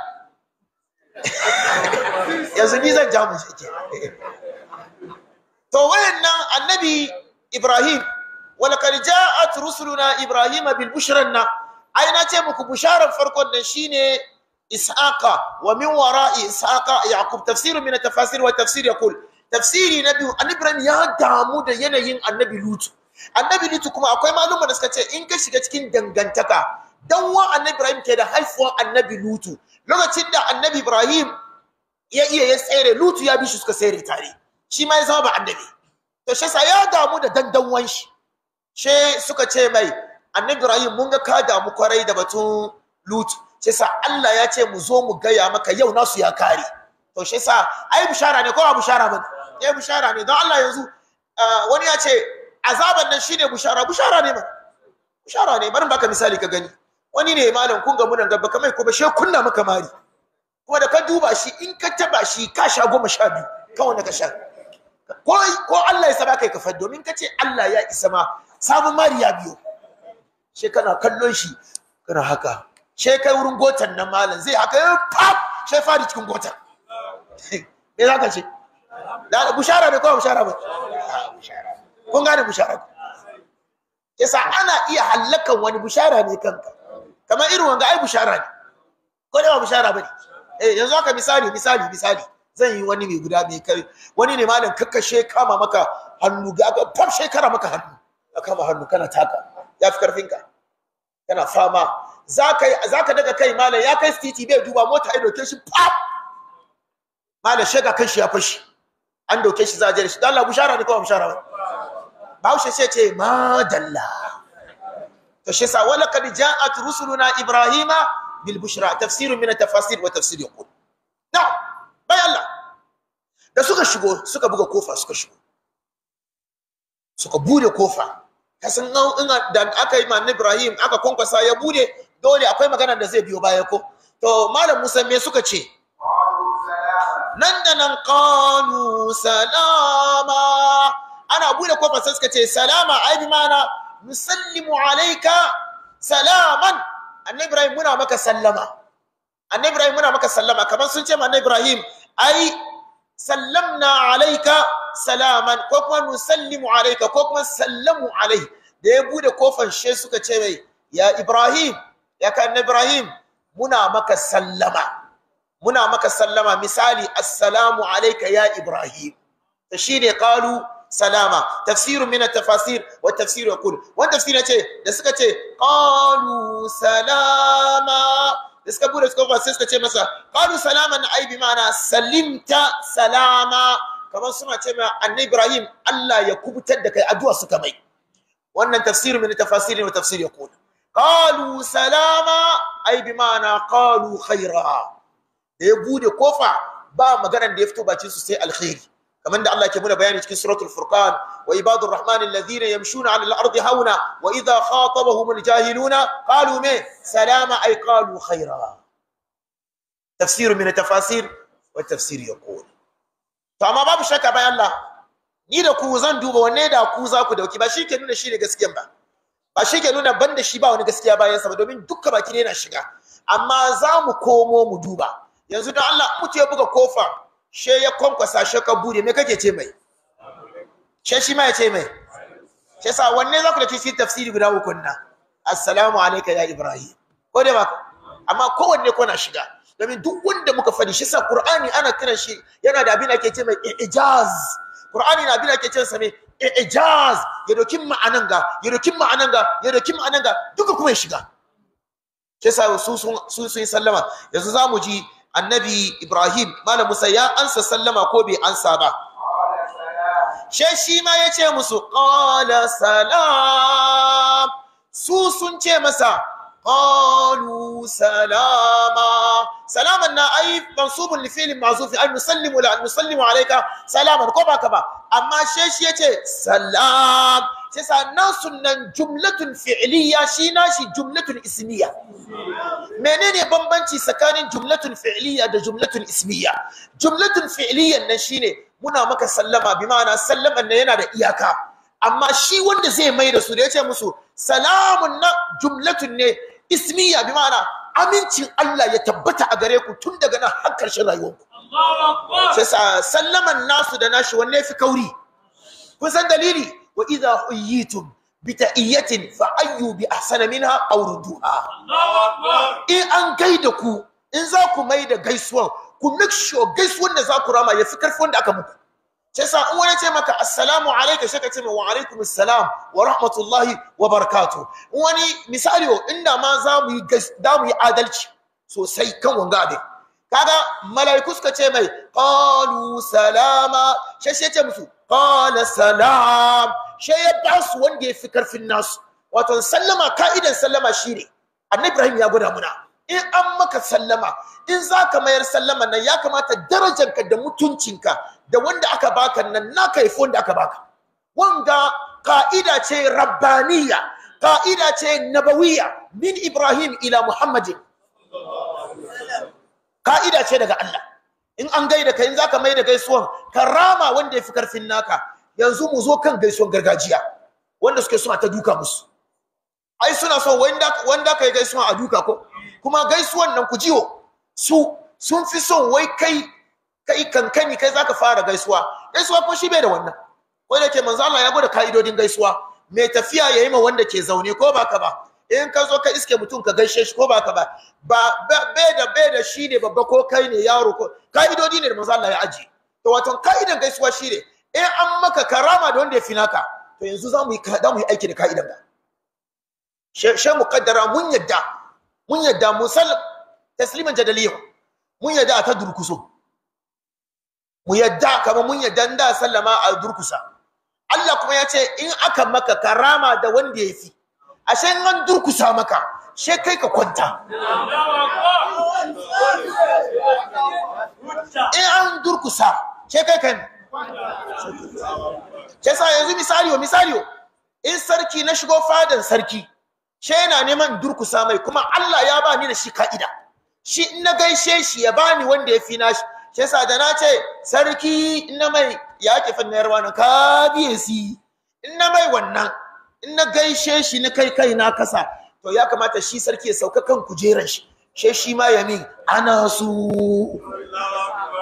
yanzu ni zan ja mu je ke to wayannan annabi Ibrahim walakad ja'at rusuluna ibrahim bil bushranna ai na ce muku bisharar farkon nan shine إسحاق ومن وراء إسحاق يعقوب تفسير من التفاسير والتفسير يقول tafsiri na biyu annabi ya damu da yanayin annabi lutu annabi lutu kuma akwai maluma da suka ce in ka shiga cikin dangantaka Dan wa annabi ibrahim ke da haifuwar annabi lutu lokacin da annabi ibrahim ya iya ya tsere lutu ya bi shi suka tsere tare shi ma ya zama ba annabi to shi ya damu da dandanwan shi she suka ce mai annabi ibrahim mun ga ka damu kwarai da batun lutu shi sa Allah ya ce mu zo mu gaya maka yau nasu ya kare to shi sa ai bishara ne ko ba bishara ya eh, bushara ne don Allah yanzu eh, wani ya ce azaban nan shine bushara bushara ne ba bushara ne bari baka misali ka gani wani ne malam kun ga munan gaba kamar ko ba she kunna maka mari kuma da ka duba shi in ka taba shi ka sha goma sha biyu ka wanda ka sha ko ko Allah ya saba kai ka fad domin ka ce Allah ya isa ma sabon mari ya biyo she kana kallon shi kana haka she kai wurin gotan nan malam zai haka fa eh, she fari cikin gotan me za ka ce da bushara ne ko bushara ba ah, kun gane bushara yasa ana iya hallakan wani bushara ne kanka kamar irin wanga ai bushara ne ko da bushara ba eh yanzu haka misali misali misali zan yi wani mai guda mai kai wani ne malam kakkashe kama maka hannu ga fam shekara maka hannu a kama hannu kana taka ya fi karfinka kana fama za ka daga kai malam ya kai titi bai duba mota ido doke shi pap malam shega kan shi ya fashi an doke shi za a jere shi dalla bushara ne kawai bushara wani bahaushe ce, ce ma dalla to shi sa wala kad ja'at rusuluna ibrahima bil bushra tafsirun min tafasir wa tafsir ya yaqul na bai Allah da suka shigo suka buga kofa suka shigo suka bude kofa kasan in da aka yi man ibrahim aka kwankwasa ya bude dole akwai magana da zai biyo baya ko to malam musa me suka ce nan da nan kanu salama ana bude kofar sai suka ce salama ai bi mana nusallimu alayka salaman annabi ibrahim muna maka sallama annabi ibrahim muna maka sallama kamar sun ce ma annabi ibrahim ai sallamna alayka salaman ko kuma nusallimu alayka ko kuma sallamu alai da ya bude kofar she suka ce mai ya ibrahim ya ka annabi ibrahim muna maka sallama muna maka sallama misali assalamu alayka ya ibrahim to shine qalu salama tafsiru min at-tafasir wa tafsiru yakun wanda tafsira ce da suka ce qalu salama da suka bude suka sai suka ce masa qalu na ai bi ma'ana sallimta salama kamar suna ce ma annabi Ibrahim Allah ya kubutar da kai addu'a suka mai wannan tafsir min tafasir wa tafsir yaqul qalu salama ai bi ma'ana qalu khaira da ya bude kofa ba maganar da ya fito bakin su sai alkhairi kamar da Allah ke muna bayani cikin suratul furqan wa ibadur rahman alladhina yamshuna 'ala al-ardi hauna wa idha khatabahum al-jahiluna qalu ma salama ay qalu khaira tafsir min tafasir wa tafsir yaqul to amma babu shakka bayan Allah ni da ku zan duba wanne da ku za ku dauki ba shi ke nuna shi ne gaskiyan ba ba shi ke nuna banda shi ba wani gaskiya bayan sa ba domin dukkan baki ne yana shiga amma za mu komo mu duba yanzu don Allah mutu ya buga kofa she ya kwankwasa she ka bude me kake ce mai she shi ma ya ce mai she sa wanne za ku da cikin tafsiri guda uku na assalamu alayka ya ibrahim ko dai ba amma ko ko na shiga domin duk wanda muka fadi shi sa qur'ani ana kiran shi yana da abin ake ce mai ijaz qur'ani na abin ake ce sa mai ijaz ya dokin ma'anan ga ya dokin ma'anan ga ya dokin ma'anan ga duka kuma ya shiga shi sa su sun sun sallama yanzu za mu ji annabi ibrahim malam musa ya ansa sallama ko bai ansa ba she shi ma ya ce musu qala salam su sun ce masa qalu salama salaman na ai mansubun li fi'lin ma'zuf al nusallimu la nusallimu alaika salaman ko baka ba amma she shi ya ce salam sai sa nan sunan jumlatun fi'liya shi na shi jumlatun ismiya menene bambanci tsakanin jumlatun fi'liya da jumlatun ismiya jumlatun fi'liyan nan shine muna maka sallama bi ma'ana sallaman nan yana da iyaka amma shi wanda zai mai da su da yace musu salamun na jumlatun ne ismiya bi ma'ana amincin Allah ya tabbata a gare ku tun daga nan har karshen rayuwarku sai sallaman nasu da nashi wanne fi kauri kun san dalili wa idza huyitum bita'iyatin fa ayyu bi ahsana minha aw rudduha in an gaida ku in za ku mai da gaisuwan ku make sure gaisuwan da za ku rama ya fi karfi wanda aka muku sai sa in wani ce maka assalamu alayka sai ka ce wa alaikum assalam wa rahmatullahi wa barakatuh wani misali oh, inda ma za mu yi da mu yi adalci sosai kan wanga abin kaga malaiku suka ce mai qalu salama sai sai ce musu qala salam she ya dasu wanda ya fi karfin nasu wato sallama ka'idan sallama shine annabi ibrahim ya gwada muna in an maka sallama in za ka mayar sallama nan ya kamata darajanka da mutuncinka da wanda aka baka nan naka yafi wanda aka baka wanga ka'ida ce rabbaniya ka'ida ce nabawiya min ibrahim ila muhammadin ka'ida ce daga Allah in an gaida ka in zaka mai da gaisuwan karama wanda yafi karfin naka yanzu mu zo kan gaisuwar gargajiya wanda suke suna ta duka musu ai suna so wanda wanda kai gaisuwa a duka ko kuma gaisuwan nan ku jiwo su sun fi son wai kai kai kankani kai zaka fara gaisuwa gaisuwa ko shi bai da wannan wai da ke manzo Allah ya gwada kaidodin gaisuwa mai tafiya yayi ma wanda ke zaune ko baka ba in ka zo ka iske mutum ka gaishe shi ko baka ba ba bai da bai da shi ne babba ko kai ne yaro ko kaidodi ne da manzo Allah ya aje to wato kaidan gaisuwa shi ne eh an maka karama da wanda ya fi naka to yanzu za mu yi za mu yi aiki da ka'idan ka she mu kaddara mun yadda mun yadda musal tasliman jadaliyo mun yadda a ta durkuso mu yadda kamar mun yadda da sallama a durkusa Allah kuma ya ce in aka maka karama da wanda ya fi ashe in an durkusa maka she kai ka kwanta in an durkusa she kai ka shi yanzu misaliyo misaliyo in sarki na shigo fadan sarki she yana neman durkusa mai kuma Allah ya ba ni da shi ka'ida shi in na gaishe shi ya bani wanda ya fi nashi shi sa da na ce sarki in na mai ya ke fanna yarwa na kabiyesi in na mai wannan in na gaishe shi na kai kai na kasa to ya kamata shi sarki ya sauka kan kujeran shi she shi ma ya min ana su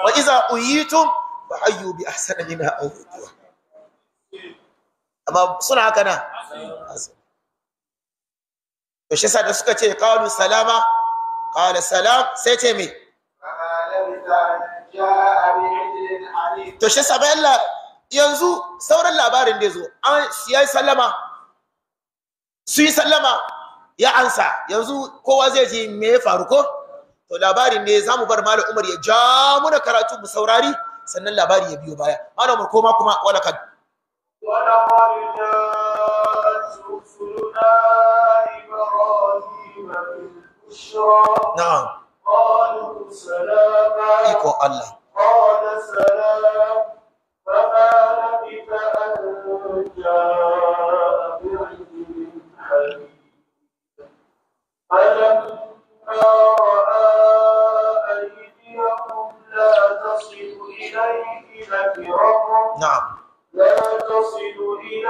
wa iza uyitum wa bi ahsana minha aw rudduha amma suna haka na to shi sa da suka ce qalu salama qala salam sai ce me to shi sa bayan yanzu sauran labarin da zo an yayi sallama su yi sallama ya ansa yanzu kowa zai ji me ya faru ko to labarin ne zamu bar malam Umar ya ja muna karatu mu saurari sannan labari ya biyo baya ana mu koma kuma wala kad wala qalina rusuluna ibrahim bil bushra na'am qalu salama iko allah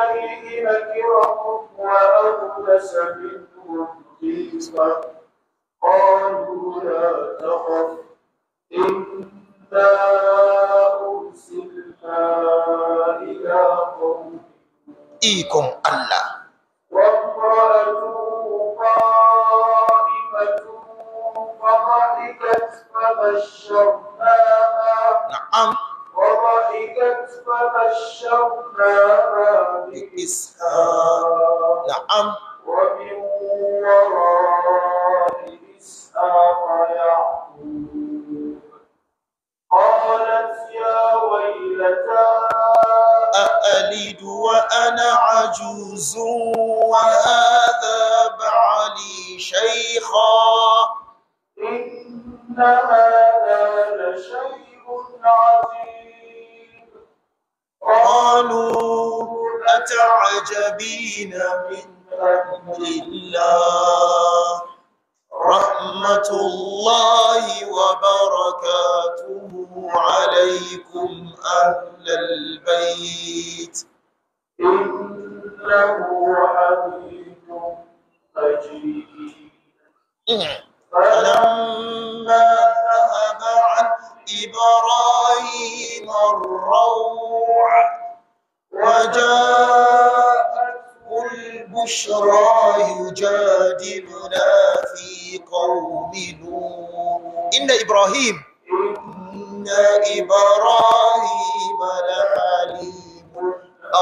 إليه نكرهم وأوجس منهم خيفة قالوا لا تخف إنا أرسلنا إلى قوم إيكم الله وامرأته قائمة فضحكت فبشرناها نعم وضحكت فبشرناها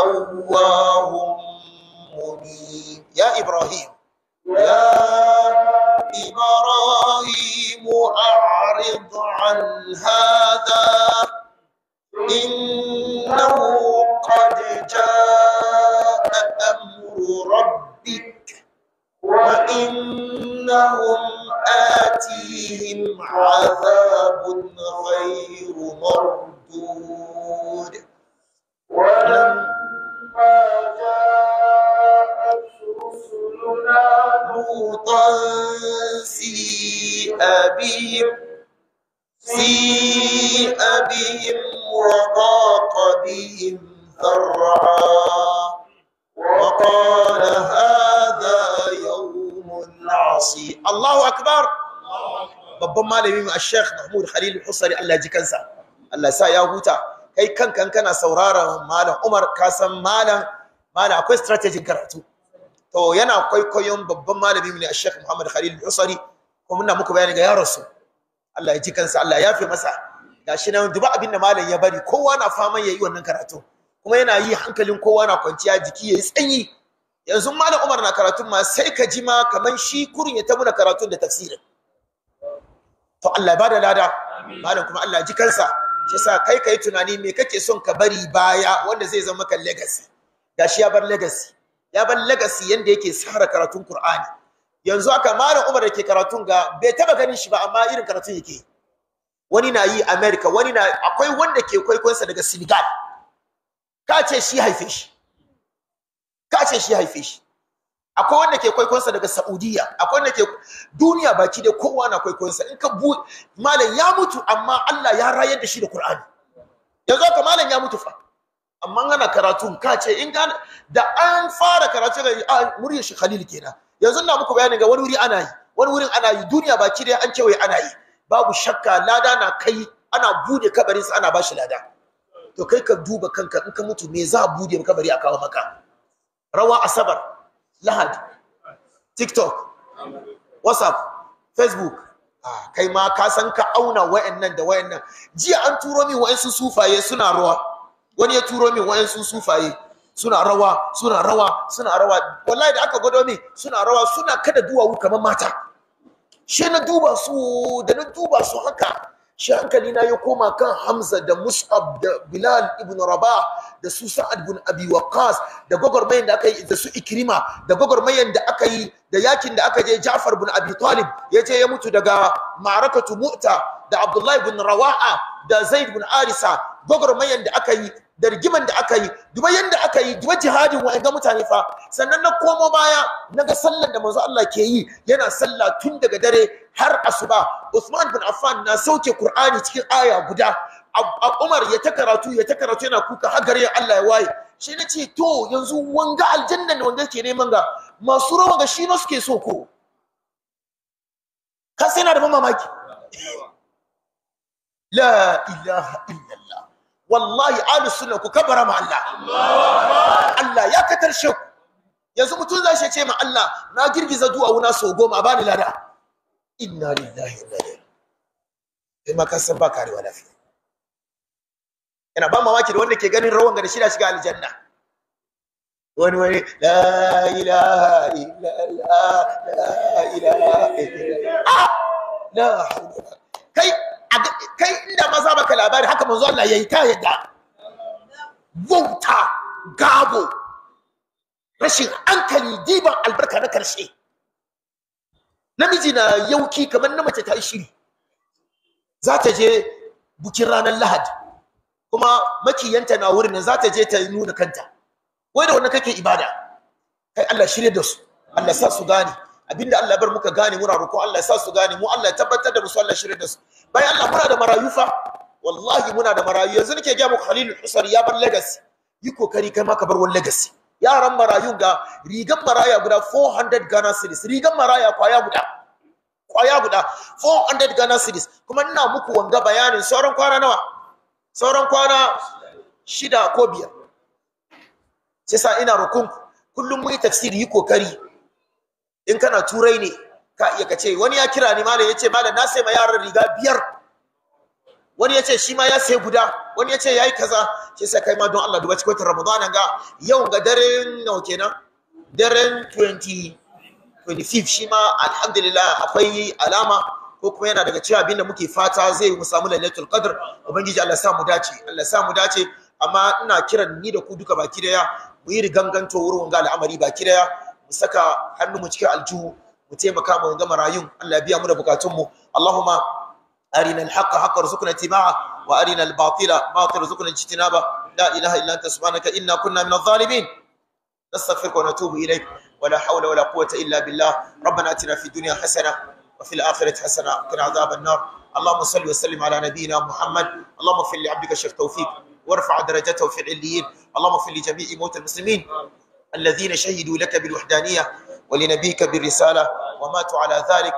الله منيب يا إبراهيم يا إبراهيم أعرض عن هذا إنه قد جاء أمر ربك وإنهم آتيهم عذاب غير مردود ولم لوطا سيئ بهم سيئ بهم وضاق يوم عصيب الله اكبر بابا مالي الشيخ محمود خليل الحصري الله يجي الله سايا هوتا kai kan kana sauraron malam Umar ka san malam malam akwai strategy karatu to yana kwaikwayon babban malami ne Sheikh Muhammad Khalil Al-Usari kuma muna muku bayani ga yaron su Allah ya ji kansa Allah ya fi masa gashi nan duba abin da malam ya bari kowa na fama yayi wannan karatu kuma yana yi hankalin kowa na kwanciya jiki yayi tsanyi yanzu malam Umar na karatun ma sai ka ji ma kaman shi kurin ya tabuna karatun da tafsirin to Allah ya bada lada malam kuma Allah ya ji kansa shi sa kai kai tunani me kake son ka bari baya wanda zai zama maka legacy gashi ya bar legacy ya bar legacy yanda yake sara karatun Qur'ani yanzu aka mara Umar da ke karatun ga bai taba ganin shi ba amma irin karatun yake wani na yi America wani na akwai wanda ke kwaikwayonsa daga Senegal ka ce shi haife shi ka shi haife shi akwai wanda ke kwaikonsa daga Saudiya akwai wanda ke duniya baki da kowa na kwaikonsa in ka bu malam ya mutu amma Allah ya rayar da shi da Qur'ani yanzu ka malam ya mutu fa amma ana karatu ka ce in ka da an fara karatu ga murya shi Khalil kenan yanzu na muku bayani ga wani wuri ana yi wani wurin ana yi duniya baki da an ce cewa ana yi babu shakka lada na kai ana bude kabarinsa ana bashi lada to kai ka duba kanka in ka mutu me za a bude kabari a kawo maka rawa asabar lahad tiktok whatsapp facebook ah, kai ma ka san ka auna wayannan da wayannan jiya an turo min wayansu sufaye suna rawa wani ya turo min wayansu sufaye suna rawa suna rawa suna rawa wallahi da aka gwado min suna rawa suna kada duwawu kamar mata she na duba su da na duba su haka shi hankali na ya koma kan Hamza da Mus'ab da Bilal ibn Rabah da su Sa'ad ibn Abi Waqqas da gogormayan da aka yi da su Ikrima da gogormayan da aka yi da yakin da aka je Ja'far ibn Abi Talib ya je ya mutu daga ma'arakatu Mu'ta da Abdullahi ibn Rawaha da Zaid ibn Arisa gogormayan da aka yi da rigiman da aka yi duba yadda aka yi duba jihadin ga mutane fa sannan na komo baya na ga sallar da manzo Allah ke yi yana sallah tun daga dare har asuba Usman bin Affan na sauke Qur'ani cikin aya guda Umar ya ta karatu ya ta karatu yana kuka har gare Allah ya waye shi na ce to yanzu wanga aljanna ne wanda ke neman ga masu rawa ga shi ne suke so ko ka sai na da mamaki la ilaha illallah wallahi ahlus sunna ku kabara ma Allah Allah ya katarshe ku yanzu mutun za ce ma Allah na girgiza du'a wuna so goma bani lada inna lillahi inna ilaihi kai ma ka san ba karewa lafiya yana ba mamaki da wanda ke ganin rawan ga da shida shiga aljanna wani wani la ilaha illallah la ilaha illallah ah! la kai kai inda maza baka labari haka manzo Allah yayi ta yadda wauta gabo rashin hankali diban albarka na karshe namiji na yauki kamar na mace ta yi shiri za ta je bukin ranar lahadi kuma makiyanta na wurin nan za ta je ta nuna kanta wai da wannan kake ibada kai Allah shirye da su Allah sa su gane abinda Allah bar muka gane muna roƙo Allah ya sa su gane mu Allah ya tabbatar da mu su Allah shirye da su bayan Allah muna da marayu fa wallahi muna da marayu yanzu nake gaya muku Khalil Husar ya bar legacy yi kokari kai ma ka bar wani legacy yaran marayu ga rigan maraya guda 400 Ghana cedis rigan maraya kwaya guda kwaya guda 400 Ghana cedis kuma ina muku wanga bayanin sauran kwana nawa sauran kwana shida ko biyar sai sa ina rukun kullum mu yi tafsiri yi kokari in kana turai ne ka iya ka ce wani ya kira ni malam yace malam na sai ma yaran riga biyar wani yace shi ma ya sai guda wani yace yayi kaza sai sai kai ma don Allah duba cikin Ramadan ga yau ga daren nawa kenan daren 20 25 shi ma alhamdulillah akwai alama ko kuma yana daga cewa abinda muke fata zai mu samu lailatul qadr ubangiji Allah sa mu dace Allah sa mu dace amma ina kiran ni da ku duka baki daya mu yi to wurin ga al'amari baki daya mu saka hannu mu cikin aljihu وتيمكا مغمرا يوم الله بيا مربكاتمو اللهم أرنا الحق حق رزقنا اتباعه وأرنا الباطل باطل رزقنا اجتنابه لا إله إلا أنت سبحانك إنا كنا من الظالمين نستغفرك ونتوب إليك ولا حول ولا قوة إلا بالله ربنا أتنا في الدنيا حسنة وفي الآخرة حسنة وقنا عذاب النار اللهم صل وسلم على نبينا محمد اللهم اغفر عبدك الشيخ توفيق وارفع درجته في العليين اللهم اغفر جميع موت المسلمين الذين شهدوا لك بالوحدانيه ولنبيك بالرسالة وماتوا على ذلك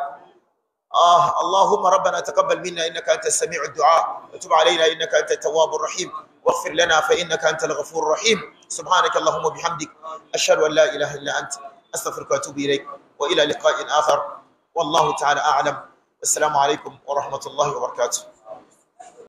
آه اللهم ربنا تقبل منا إنك أنت السميع الدعاء وتب علينا إنك أنت التواب الرحيم واغفر لنا فإنك أنت الغفور الرحيم سبحانك اللهم وبحمدك أشهد أن لا إله إلا أنت أستغفرك وأتوب إليك وإلى لقاء آخر والله تعالى أعلم السلام عليكم ورحمة الله وبركاته